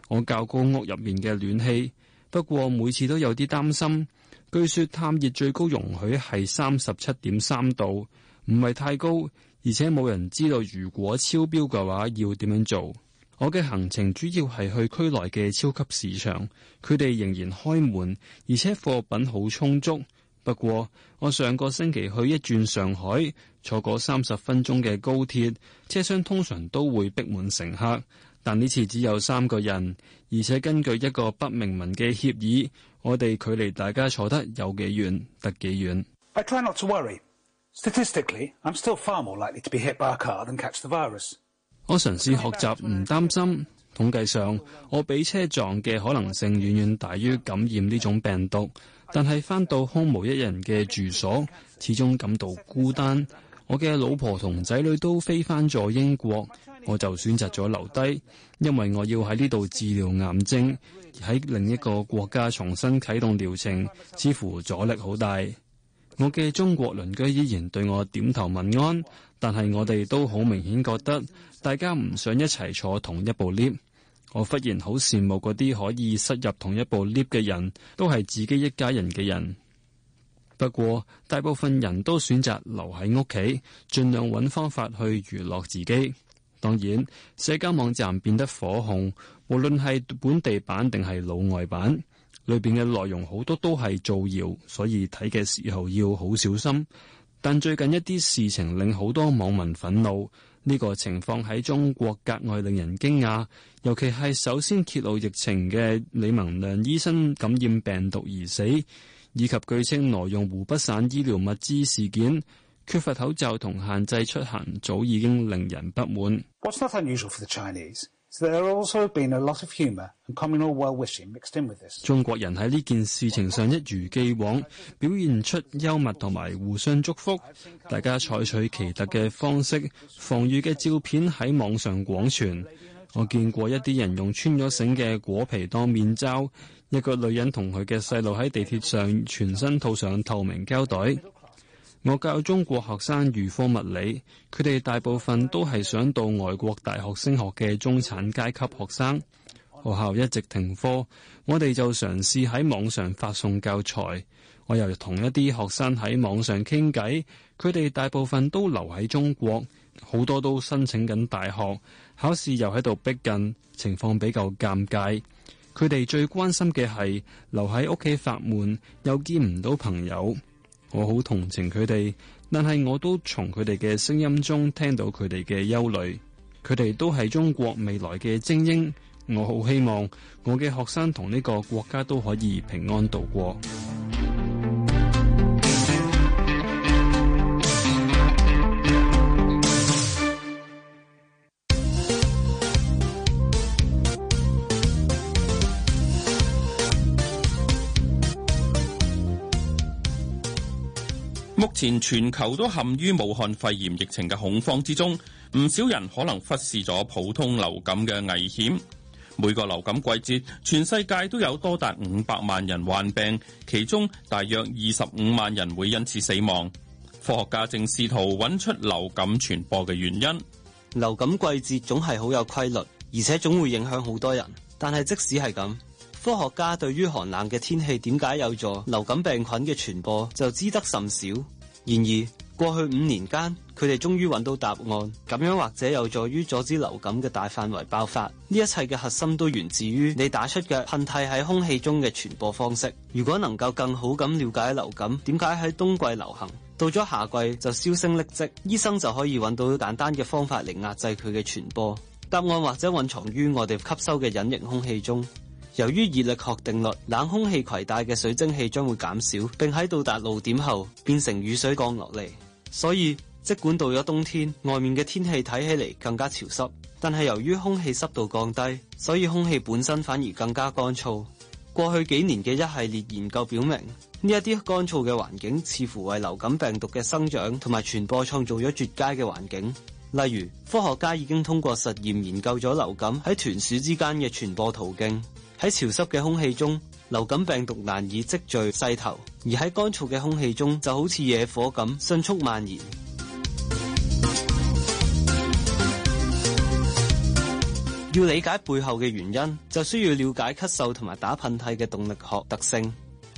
我教過屋入面嘅暖氣，不過每次都有啲擔心。據說探熱最高容許係三十七點三度，唔係太高，而且冇人知道如果超標嘅話要點樣做。我嘅行程主要係去區內嘅超級市場，佢哋仍然開門，而且貨品好充足。不過，我上個星期去一轉上海，坐過三十分鐘嘅高鐵，車廂通常都會逼滿乘客，但呢次只有三個人，而且根據一個不明文嘅協議，我哋距離大家坐得有幾遠，得幾遠。I try not to worry. Statistically, I'm still far more likely to be hit by a car than catch the virus. 我嘗試學習唔擔心，統計上我俾車撞嘅可能性遠遠大於感染呢種病毒。但係翻到空無一人嘅住所，始終感到孤單。我嘅老婆同仔女都飛翻咗英國，我就選擇咗留低，因為我要喺呢度治療癌症。喺另一個國家重新啟動療程，似乎阻力好大。我嘅中國鄰居依然對我點頭問安，但係我哋都好明顯覺得，大家唔想一齊坐同一部 lift。我忽然好羨慕嗰啲可以塞入同一部 lift 嘅人，都係自己一家人嘅人。不過大部分人都選擇留喺屋企，盡量揾方法去娛樂自己。當然，社交網站變得火紅，無論係本地版定係老外版，裏邊嘅內容好多都係造謠，所以睇嘅時候要好小心。但最近一啲事情令好多網民憤怒。呢個情況喺中國格外令人驚訝，尤其係首先揭露疫情嘅李文亮醫生感染病毒而死，以及據稱挪用湖北省醫療物資事件，缺乏口罩同限制出行，早已經令人不滿。中國人喺呢件事情上一如既往，表現出幽默同埋互相祝福。大家採取奇特嘅方式，防禦嘅照片喺網上廣傳。我見過一啲人用穿咗繩嘅果皮當面罩，一個女人同佢嘅細路喺地鐵上全身套上透明膠袋。我教中國學生預科物理，佢哋大部分都係想到外國大學升學嘅中產階級學生。學校一直停課，我哋就嘗試喺網上發送教材。我又同一啲學生喺網上傾偈，佢哋大部分都留喺中國，好多都申請緊大學，考試又喺度逼近，情況比較尷尬。佢哋最關心嘅係留喺屋企發悶，又見唔到朋友。我好同情佢哋，但係我都從佢哋嘅聲音中聽到佢哋嘅憂慮。佢哋都係中國未來嘅精英，我好希望我嘅學生同呢個國家都可以平安度過。目前全球都陷於武漢肺炎疫情嘅恐慌之中，唔少人可能忽視咗普通流感嘅危險。每個流感季節，全世界都有多達五百萬人患病，其中大約二十五萬人會因此死亡。科學家正試圖揾出流感傳播嘅原因。流感季節總係好有規律，而且總會影響好多人。但係即使係咁，科學家對於寒冷嘅天氣點解有助流感病菌嘅傳播就知得甚少。然而，過去五年間，佢哋終於揾到答案。咁樣或者有助於阻止流感嘅大範圍爆發。呢一切嘅核心都源自於你打出嘅噴嚏喺空氣中嘅傳播方式。如果能夠更好咁了解流感點解喺冬季流行，到咗夏季就銷聲匿跡，醫生就可以揾到簡單嘅方法嚟壓制佢嘅傳播。答案或者蘊藏於我哋吸收嘅隱形空氣中。由於熱力學定律，冷空氣攜帶嘅水蒸氣將會減少，並喺到達露點後變成雨水降落嚟。所以，即管到咗冬天，外面嘅天氣睇起嚟更加潮濕，但係由於空氣濕度降低，所以空氣本身反而更加乾燥。過去幾年嘅一系列研究表明，呢一啲乾燥嘅環境似乎為流感病毒嘅生長同埋傳播創造咗絕佳嘅環境。例如，科學家已經通過實驗研究咗流感喺豚鼠之間嘅傳播途徑。喺潮濕嘅空氣中，流感病毒難以積聚勢頭；而喺乾燥嘅空氣中，就好似野火咁迅速蔓延。要理解背後嘅原因，就需要了解咳嗽同埋打噴嚏嘅動力學特性。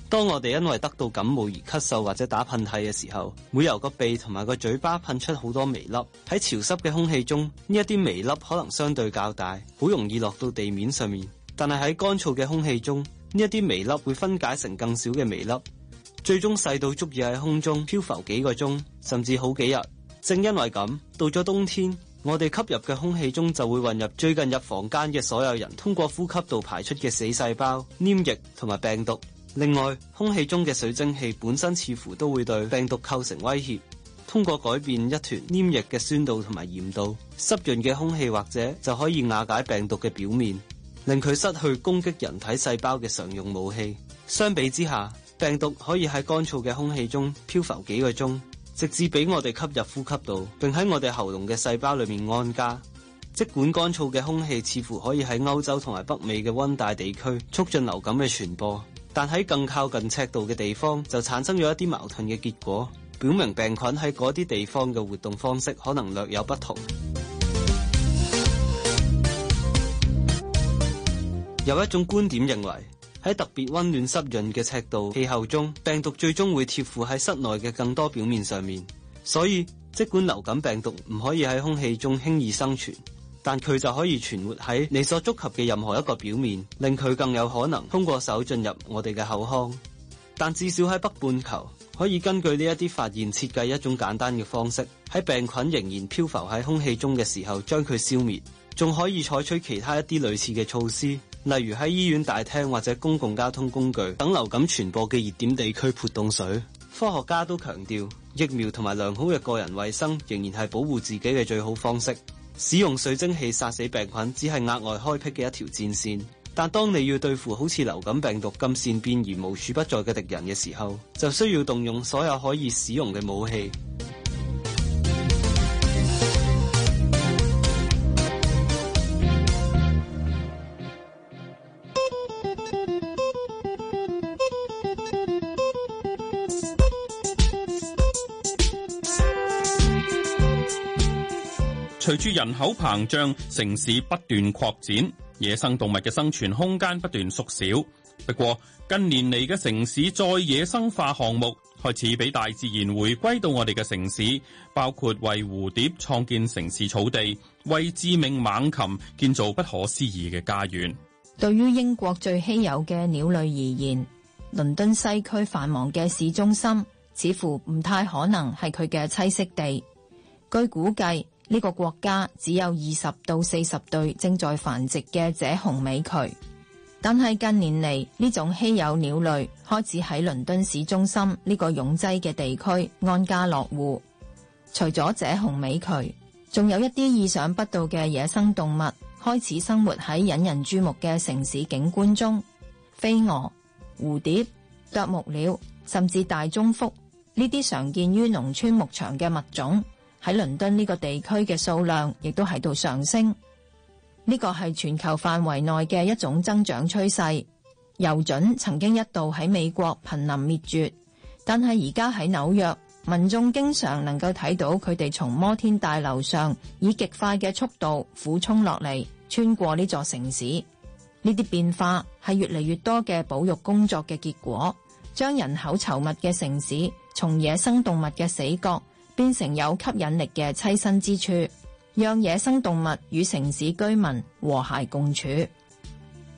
當我哋因為得到感冒而咳嗽或者打噴嚏嘅時候，會由個鼻同埋個嘴巴噴出好多微粒。喺潮濕嘅空氣中，呢一啲微粒可能相對較大，好容易落到地面上面。但係喺乾燥嘅空氣中，呢一啲微粒會分解成更少嘅微粒，最終細到足以喺空中漂浮幾個鐘，甚至好幾日。正因為咁，到咗冬天，我哋吸入嘅空氣中就會混入最近入房間嘅所有人通過呼吸道排出嘅死細胞、黏液同埋病毒。另外，空氣中嘅水蒸氣本身似乎都會對病毒構成威脅，通過改變一團黏液嘅酸度同埋鹽度，濕潤嘅空氣或者就可以瓦解病毒嘅表面。令佢失去攻擊人體細胞嘅常用武器。相比之下，病毒可以喺乾燥嘅空氣中漂浮幾個鐘，直至俾我哋吸入呼吸道，並喺我哋喉嚨嘅細胞裏面安家。即管乾燥嘅空氣似乎可以喺歐洲同埋北美嘅溫帶地區促進流感嘅傳播，但喺更靠近赤道嘅地方就產生咗一啲矛盾嘅結果，表明病菌喺嗰啲地方嘅活動方式可能略有不同。有一種觀點認為，喺特別溫暖濕潤嘅赤道氣候中，病毒最終會貼附喺室內嘅更多表面上面。所以，盡管流感病毒唔可以喺空氣中輕易生存，但佢就可以存活喺你所觸及嘅任何一個表面，令佢更有可能通過手進入我哋嘅口腔。但至少喺北半球，可以根據呢一啲發現設計一種簡單嘅方式，喺病菌仍然漂浮喺空氣中嘅時候將佢消滅，仲可以採取其他一啲類似嘅措施。例如喺醫院大廳或者公共交通工具等流感傳播嘅熱點地區潑凍水。科學家都強調，疫苗同埋良好嘅個人衛生仍然係保護自己嘅最好方式。使用水蒸氣殺死病菌只係額外開闢嘅一條戰線，但當你要對付好似流感病毒咁善變而無處不在嘅敵人嘅時候，就需要動用所有可以使用嘅武器。隨住人口膨脹，城市不斷擴展，野生動物嘅生存空間不斷縮小。不過近年嚟嘅城市再野生化項目開始俾大自然回歸到我哋嘅城市，包括為蝴蝶創建城市草地，為致命猛禽建造不可思議嘅家園。對於英國最稀有嘅鳥類而言，倫敦西區繁忙嘅市中心似乎唔太可能係佢嘅棲息地。據估計，呢個國家只有二十到四十對正在繁殖嘅赭紅尾鴝，但係近年嚟呢種稀有鳥類開始喺倫敦市中心呢、這個擁擠嘅地區安家落戶。除咗赭紅尾鴝，仲有一啲意想不到嘅野生動物開始生活喺引人注目嘅城市景觀中，飛蛾、蝴蝶、啄木鳥甚至大棕蝠呢啲常見於農村牧場嘅物種。喺倫敦呢個地區嘅數量亦都喺度上升，呢個係全球範圍內嘅一種增長趨勢。遊隼曾經一度喺美國瀕臨滅絕，但係而家喺紐約，民眾經常能夠睇到佢哋從摩天大樓上以極快嘅速度俯衝落嚟，穿過呢座城市。呢啲變化係越嚟越多嘅保育工作嘅結果，將人口稠密嘅城市從野生動物嘅死角。變成有吸引力嘅棲身之處，讓野生動物與城市居民和諧共處。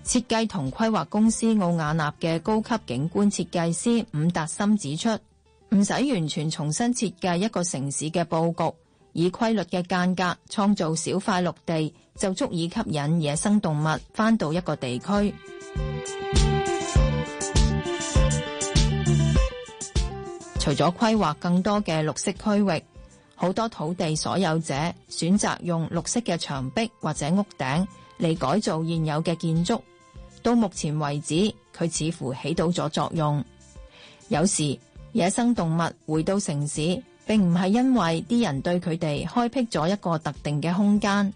設計同規劃公司奧亞納嘅高級景觀設計師伍達森指出，唔使完全重新設計一個城市嘅佈局，以規律嘅間隔創造小塊綠地就足以吸引野生動物返到一個地區。除咗規劃更多嘅綠色區域，好多土地所有者選擇用綠色嘅牆壁或者屋頂嚟改造現有嘅建築。到目前為止，佢似乎起到咗作用。有時野生動物回到城市，並唔係因為啲人對佢哋開闢咗一個特定嘅空間，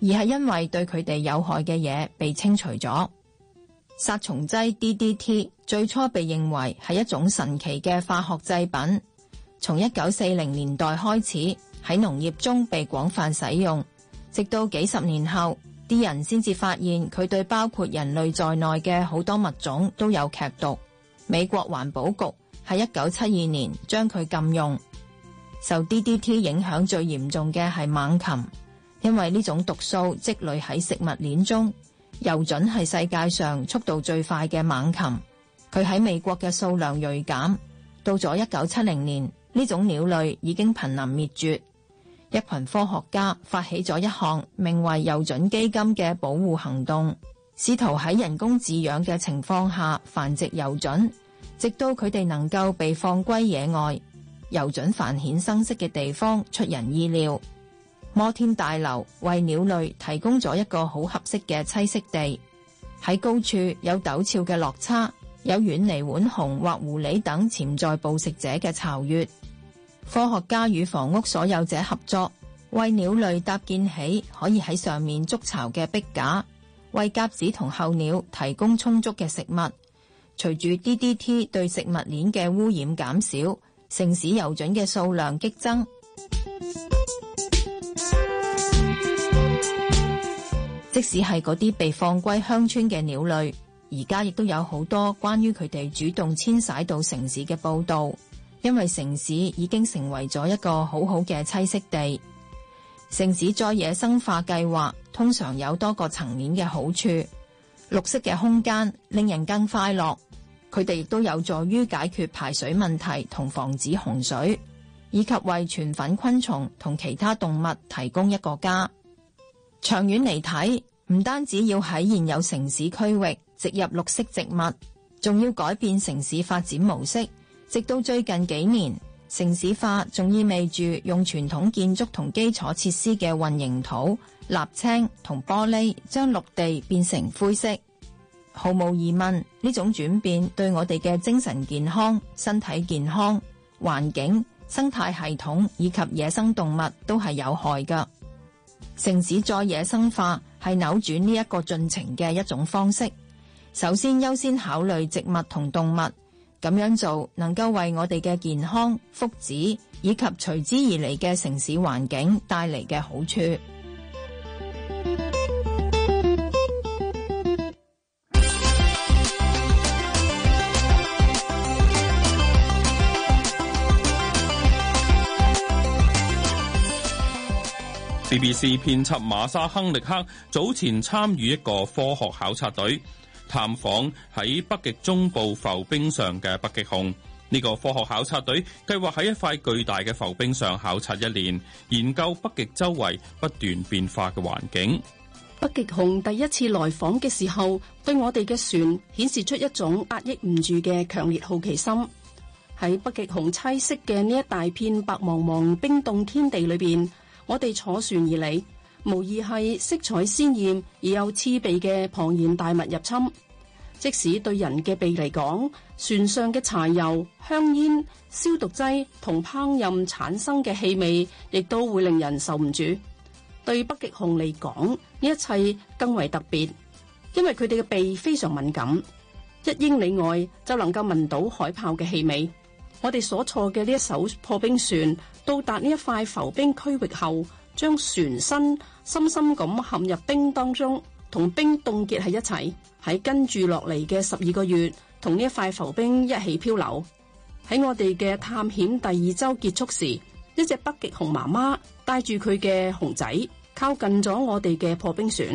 而係因為對佢哋有害嘅嘢被清除咗。殺蟲劑 DDT 最初被認為係一種神奇嘅化學製品，從一九四零年代開始喺農業中被廣泛使用，直到幾十年後啲人先至發現佢對包括人類在內嘅好多物種都有劇毒。美國環保局喺一九七二年將佢禁用。受 DDT 影響最嚴重嘅係猛禽，因為呢種毒素積累喺食物鏈中。游隼係世界上速度最快嘅猛禽，佢喺美國嘅數量銳減，到咗一九七零年呢種鳥類已經瀕臨滅絕。一群科學家發起咗一項名為游隼基金嘅保護行動，試圖喺人工飼養嘅情況下繁殖游隼，直到佢哋能夠被放歸野外。游隼繁衍生息嘅地方出人意料。摩天大樓為鳥類提供咗一個好合適嘅棲息地，喺高處有陡峭嘅落差，有遠離浣熊或狐狸等潛在捕食者嘅巢穴。科學家與房屋所有者合作，為鳥類搭建起可以喺上面築巢嘅壁架，為鴿子同候鳥提供充足嘅食物。隨住 DDT 對食物鏈嘅污染減少，城市游隼嘅數量激增。即使係嗰啲被放歸鄉村嘅鳥類，而家亦都有好多關於佢哋主動遷徙到城市嘅報道，因為城市已經成為咗一個好好嘅棲息地。城市再野生化計劃通常有多個層面嘅好處，綠色嘅空間令人更快樂，佢哋亦都有助於解決排水問題同防止洪水，以及為傳粉昆蟲同其他動物提供一個家。長遠嚟睇，唔單止要喺現有城市區域植入綠色植物，仲要改變城市發展模式。直到最近幾年，城市化仲意味住用傳統建築同基礎設施嘅混凝土、瀝青同玻璃，將陸地變成灰色。毫無疑問，呢種轉變對我哋嘅精神健康、身體健康、環境、生態系統以及野生動物都係有害㗎。城市再野生化係扭轉呢一個進程嘅一種方式。首先，優先考慮植物同動物，咁樣做能夠為我哋嘅健康、福祉，以及隨之而嚟嘅城市環境帶嚟嘅好處。BBC 編輯馬沙亨力克早前參與一個科學考察隊，探訪喺北極中部浮冰上嘅北極熊。呢個科學考察隊計劃喺一塊巨大嘅浮冰上考察一年，研究北極周圍不斷變化嘅環境。北極熊第一次來訪嘅時候，對我哋嘅船顯示出一種壓抑唔住嘅強烈好奇心。喺北極熊棲息嘅呢一大片白茫茫冰凍天地裏邊。我哋坐船而嚟，無疑係色彩鮮艷而又刺鼻嘅龐然大物入侵。即使對人嘅鼻嚟講，船上嘅柴油、香煙、消毒劑同烹飪產生嘅氣味，亦都會令人受唔住。對北極熊嚟講，呢一切更為特別，因為佢哋嘅鼻非常敏感，一英里外就能夠聞到海豹嘅氣味。我哋所坐嘅呢一艘破冰船，到達呢一塊浮冰區域後，將船身深深咁陷入冰當中，同冰凍結喺一齊。喺跟住落嚟嘅十二個月，同呢一塊浮冰一起漂流。喺我哋嘅探險第二周結束時，一隻北極熊媽媽帶住佢嘅熊仔靠近咗我哋嘅破冰船。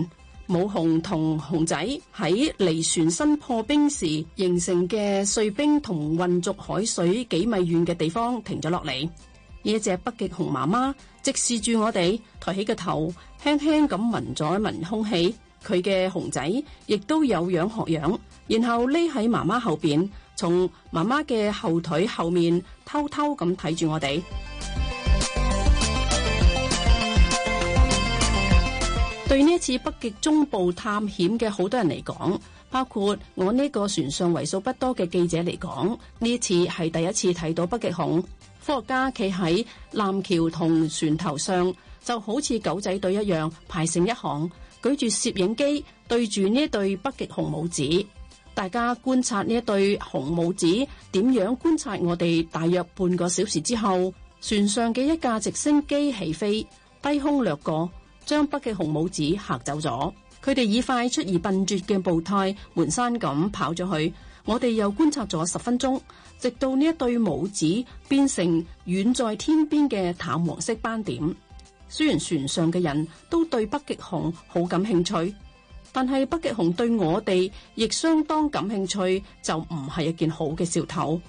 母熊同熊仔喺離船身破冰時形成嘅碎冰同混濁海水幾米遠嘅地方停咗落嚟。呢一隻北極熊媽媽直視住我哋，抬起個頭，輕輕咁聞咗聞空氣。佢嘅熊仔亦都有樣學樣，然後匿喺媽媽後邊，從媽媽嘅後腿後面偷偷咁睇住我哋。 對呢一次北極中部探險嘅好多人嚟講，包括我呢個船上為數不多嘅記者嚟講，呢一次係第一次睇到北極熊。科學家企喺艦橋同船頭上，就好似狗仔隊一樣排成一行，舉住攝影機對住呢對北極熊母子。大家觀察呢一對熊母子點樣觀察我哋。大約半個小時之後，船上嘅一架直升機起飛，低空掠過，將北極熊母子嚇走咗。佢哋以快出而笨拙嘅步態蹣跚咁跑咗去。我哋又觀察咗十分鐘。直到呢一對母子變成遠在天邊嘅淡黃色斑點。雖然船上嘅人都對北極熊好感興趣，但係北極熊對我哋亦相當感興趣，就唔係一件好嘅兆頭。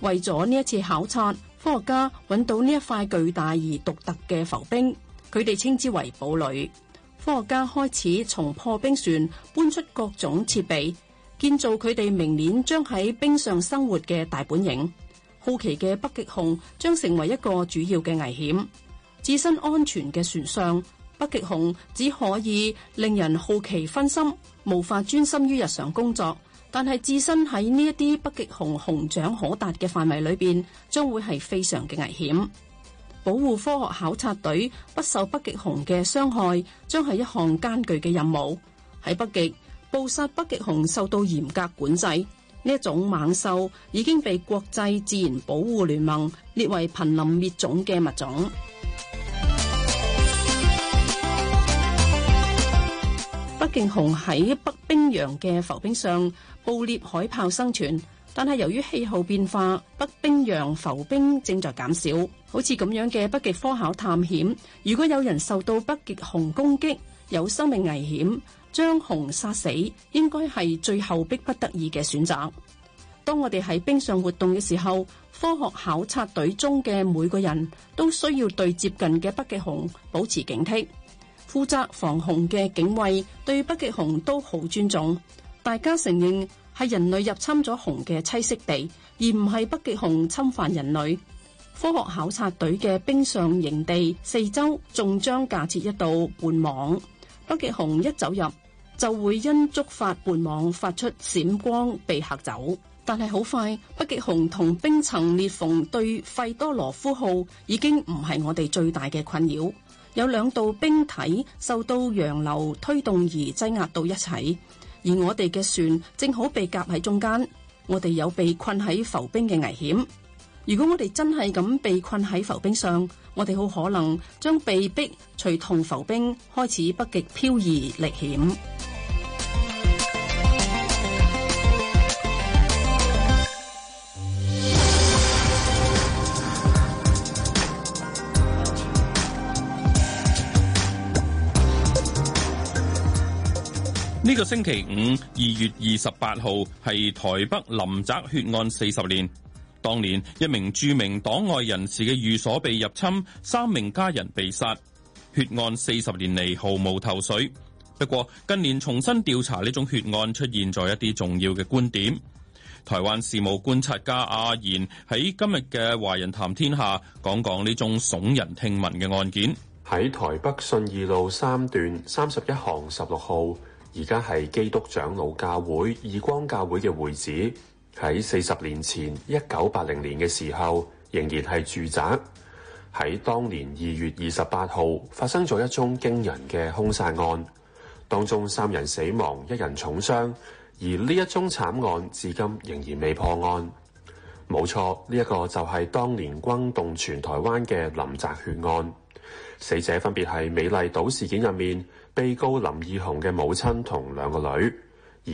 為咗呢一次考察，科學家揾到呢一塊巨大而獨特嘅浮冰，佢哋稱之為堡壘。科學家開始從破冰船搬出各種設備。建造佢哋明年將喺冰上生活嘅大本營，好奇嘅北極熊將成為一個主要嘅危險。自身安全嘅船上，北極熊只可以令人好奇分心，無法專心於日常工作。但係置身喺呢一啲北極熊熊掌可達嘅範圍裏邊，將會係非常嘅危險。保護科學考察隊不受北極熊嘅傷害，將係一項艱巨嘅任務。喺北極。捕殺北極熊受到嚴格管制，呢一種猛獸已經被國際自然保護聯盟列為瀕臨滅種嘅物種。 北極熊喺北冰洋嘅浮冰上捕獵海豹生存，但係由於氣候變化，北冰洋浮冰正在減少。好似咁樣嘅北極科考探險，如果有人受到北極熊攻擊，有生命危險。將熊殺死應該係最後逼不得已嘅選擇。當我哋喺冰上活動嘅時候，科學考察隊中嘅每個人都需要對接近嘅北極熊保持警惕。負責防熊嘅警衛對北極熊都好尊重。大家承認係人類入侵咗熊嘅棲息地，而唔係北極熊侵犯人類。科學考察隊嘅冰上營地四周仲將架設一道半網，北極熊一走入。就會因觸發伴網發出閃光被嚇走，但係好快，北極熊同冰層裂縫對費多羅夫號已經唔係我哋最大嘅困擾。有兩道冰體受到洋流推動而擠壓到一齊，而我哋嘅船正好被夾喺中間，我哋有被困喺浮冰嘅危險。如果我哋真係咁被困喺浮冰上，我哋好可能將被逼隨同浮冰開始北極漂移歷險。呢個星期五，二月二十八號係台北林宅血案四十年。當年一名著名黨外人士嘅寓所被入侵，三名家人被殺。血案四十年嚟毫無頭緒。不過近年重新調查呢種血案，出現咗一啲重要嘅觀點。台灣事務觀察家阿賢喺今日嘅《華人談天下》講講呢宗聳人聽聞嘅案件。喺台北信義路三段三十一巷十六號。而家係基督長老教會義光教會嘅會址，喺四十年前一九八零年嘅時候，仍然係住宅。喺當年二月二十八號發生咗一宗驚人嘅凶殺案，當中三人死亡，一人重傷。而呢一宗慘案至今仍然未破案。冇錯，呢、這、一個就係當年轟動全台灣嘅林宅血案，死者分別係美麗島事件入面。被告林義雄嘅母親同兩個女，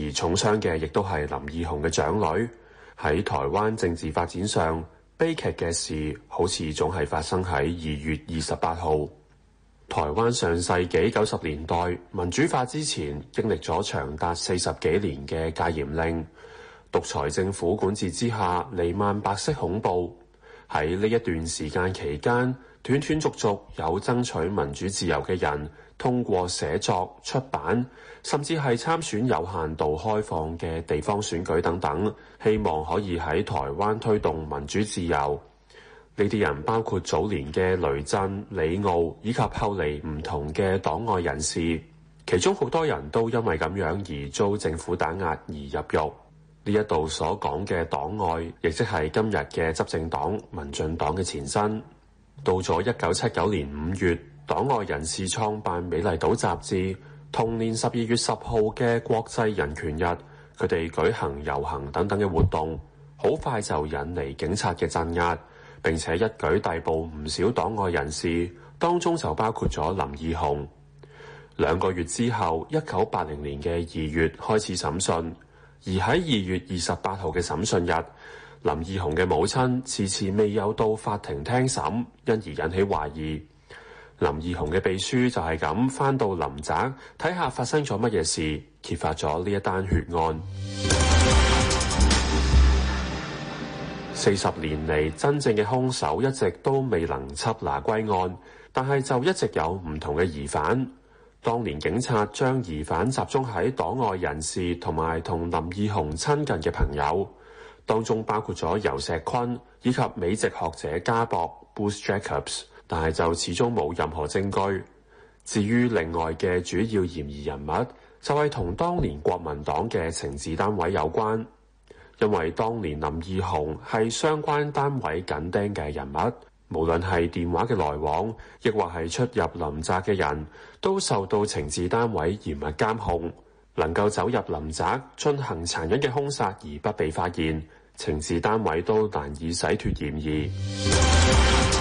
而重傷嘅亦都係林義雄嘅長女。喺台灣政治發展上，悲劇嘅事好似總係發生喺二月二十八號。台灣上世紀九十年代民主化之前，經歷咗長達四十幾年嘅戒嚴令，獨裁政府管治之下彌漫白色恐怖。喺呢一段時間期間，斷斷續續有爭取民主自由嘅人。通過寫作、出版，甚至係參選有限度開放嘅地方選舉等等，希望可以喺台灣推動民主自由。呢啲人包括早年嘅雷震、李敖，以及後嚟唔同嘅黨外人士，其中好多人都因為咁樣而遭政府打壓而入獄。呢一度所講嘅黨外，亦即係今日嘅執政黨、民進黨嘅前身。到咗一九七九年五月，黨外人士創辦《美麗島》雜誌，同年十二月十號嘅國際人權日，佢哋舉行遊行等等嘅活動，好快就引嚟警察嘅鎮壓，並且一舉逮捕唔少黨外人士，當中就包括咗林義雄。兩個月之後，一九八零年嘅二月開始審訊，而喺二月二十八號嘅審訊日，林義雄嘅母親遲遲未有到法庭聽審，因而引起懷疑。林義雄嘅秘書就係咁返到林宅睇下發生咗乜嘢事，揭發咗呢一單血案。四十 年嚟，真正嘅兇手一直都未能緝拿歸案，但係就一直有唔同嘅疑犯。當年警察將疑犯集中喺黨外人士同埋同林義雄親近嘅朋友當中，包括咗游錫堃以及美籍學者家博 （Bruce Jacobs）。但係就始終冇任何證據。至於另外嘅主要嫌疑人物，就係同當年國民黨嘅情治單位有關。因為當年林義雄係相關單位緊盯嘅人物，無論係電話嘅來往，亦或係出入林宅嘅人，都受到情治單位嚴密監控。能夠走入林宅進行殘忍嘅兇殺而不被發現，情治單位都難以洗脫嫌疑。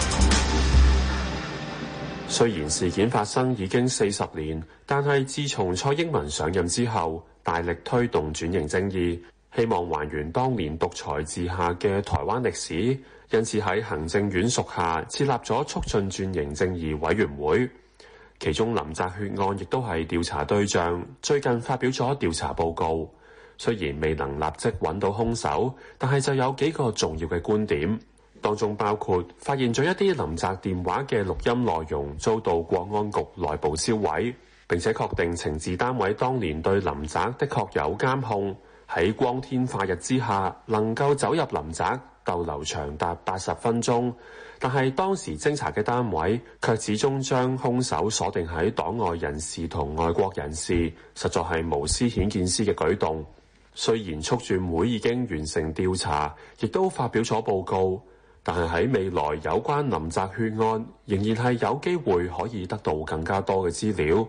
雖然事件發生已經四十年，但係自從蔡英文上任之後，大力推動轉型正義，希望還原當年獨裁治下嘅台灣歷史。因此喺行政院屬下設立咗促進轉型正義委員會，其中林宅血案亦都係調查對象。最近發表咗調查報告，雖然未能立即揾到兇手，但係就有幾個重要嘅觀點。當中包括發現咗一啲林宅電話嘅錄音內容遭到國安局內部銷毀，並且確定情治單位當年對林宅的確有監控。喺光天化日之下，能夠走入林宅逗留長達八十分鐘，但係當時偵查嘅單位卻始終將凶手鎖定喺黨外人士同外國人士，實在係無私顯見私嘅舉動。雖然促轉會已經完成調查，亦都發表咗報告。但係喺未來有關林宅血案，仍然係有機會可以得到更加多嘅資料，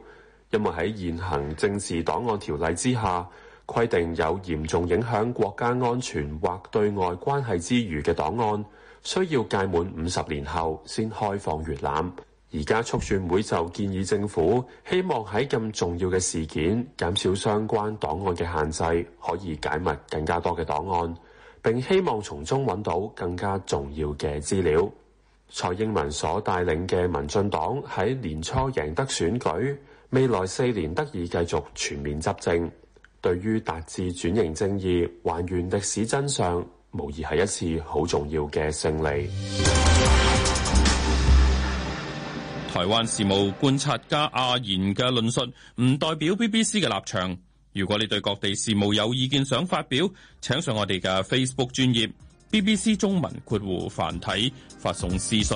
因為喺現行政治檔案條例之下，規定有嚴重影響國家安全或對外關係之餘嘅檔案，需要屆滿五十年後先開放閱覽。而家促轉會就建議政府，希望喺咁重要嘅事件，減少相關檔案嘅限制，可以解密更加多嘅檔案。並希望從中揾到更加重要嘅資料。蔡英文所帶領嘅民進黨喺年初贏得選舉，未來四年得以繼續全面執政。對於達致轉型正義、還原歷史真相，無疑係一次好重要嘅勝利。台灣事務觀察家阿言嘅論述唔代表 BBC 嘅立場。如果你對各地事務有意見想發表，請上我哋嘅 Facebook 專頁 BBC 中文括弧繁體發送私信。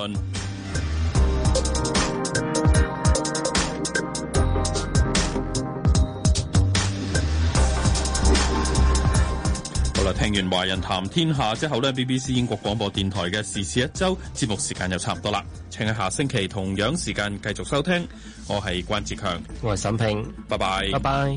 好啦，聽完華人談天下之後呢，BBC 英國廣播電台嘅時事一周節目時間又差唔多啦，請喺下星期同樣時間繼續收聽。我係關志強，我係沈平，拜拜 bye，拜拜。